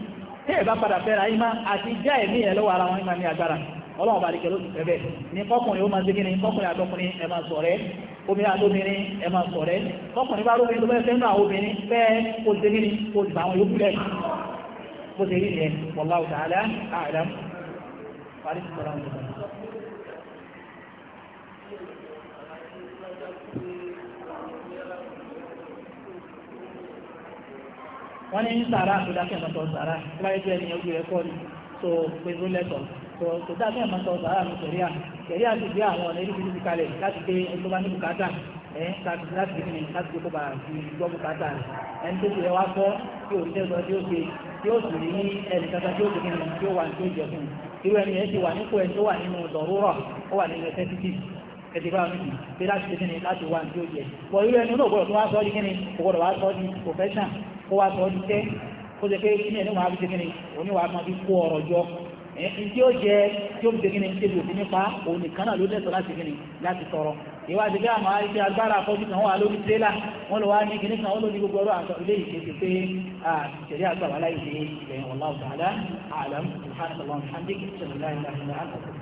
tí ẹ̀ bá padà fẹ́ra yín má àti já ẹ̀mí ẹ̀ lọ́wọ́ ara wọn ní ma ní agbára ọlọ́run bá rí kẹló ti fẹ́ bẹ́ẹ̀ ní kọkùnrin ó máa ṣe kíni kọkùnrin àtọkùnrin ẹ̀ máa sọ̀rẹ́ omi àtọmìnrin ẹ̀ sọ̀rẹ́ kọkùnrin bá lóbìnrin tó fẹ́ fẹ́ náà obìnrin fẹ́ kó ṣe kíni kó wọ́n ní sàárà tó dákẹ́ mọ́tọ́ sàárà tó báyé jẹ́ ènìyàn ojú rẹ̀ kọ́ ni tó pé ló lẹ́tọ̀ tó dákẹ́ mọ́tọ́ sàárà ní sẹ̀ríà sẹ̀ríà sì gbé àwọn ọ̀nà ìrísí ti kalẹ̀ láti gbé ẹni tó bá ní bùkátà ẹ̀ láti láti gbé láti gbé kó bá fi gbọ́ bùkátà ẹni tó ti rẹ̀ wá kọ́ tí ò tẹ́ sọ tí ó ṣe tí ó sì ní ẹnì kata tí ó ṣe nínú tí ó wà ní tó jẹ fún irú ẹni ẹ ti wà nípò ẹni tó wà nínú dọ̀rúrọ̀ ó wà nínú ẹsẹ̀ títì ẹ̀dì bá wọn nìyí pé láti ṣe kíni láti wà ní tó jẹ pọ̀ irú ẹni náà gbọ́dọ̀ tó wá sọ́ di kíni kò gbọ́dọ̀ wá sọ́ di profession kó wá sọ jíṣẹ́ kó jẹ́ pé kíni ẹni wàá fi ṣe kíni òní wàá máa fi kó ọ̀rọ̀ jọ ẹni tí ó jẹ tí ó fi ṣe kíni tí ebi òfin nípa òun nìkan náà ló lẹ́sọ̀ láti kíni láti sọ̀rọ̀ ìwádìí bí àmọ́ àìsí agbára àfọ́jú kan wà lórí tírélà wọ́n lọ wá ní kíní kan wọ́n ló ní gbogbo ọ̀rọ̀ àtọ̀ ilé ìṣèṣe pé ìṣẹ̀lẹ̀ àgbà wà láì ṣe ìbẹ̀yìn wọ̀láwùtà àdá àlàm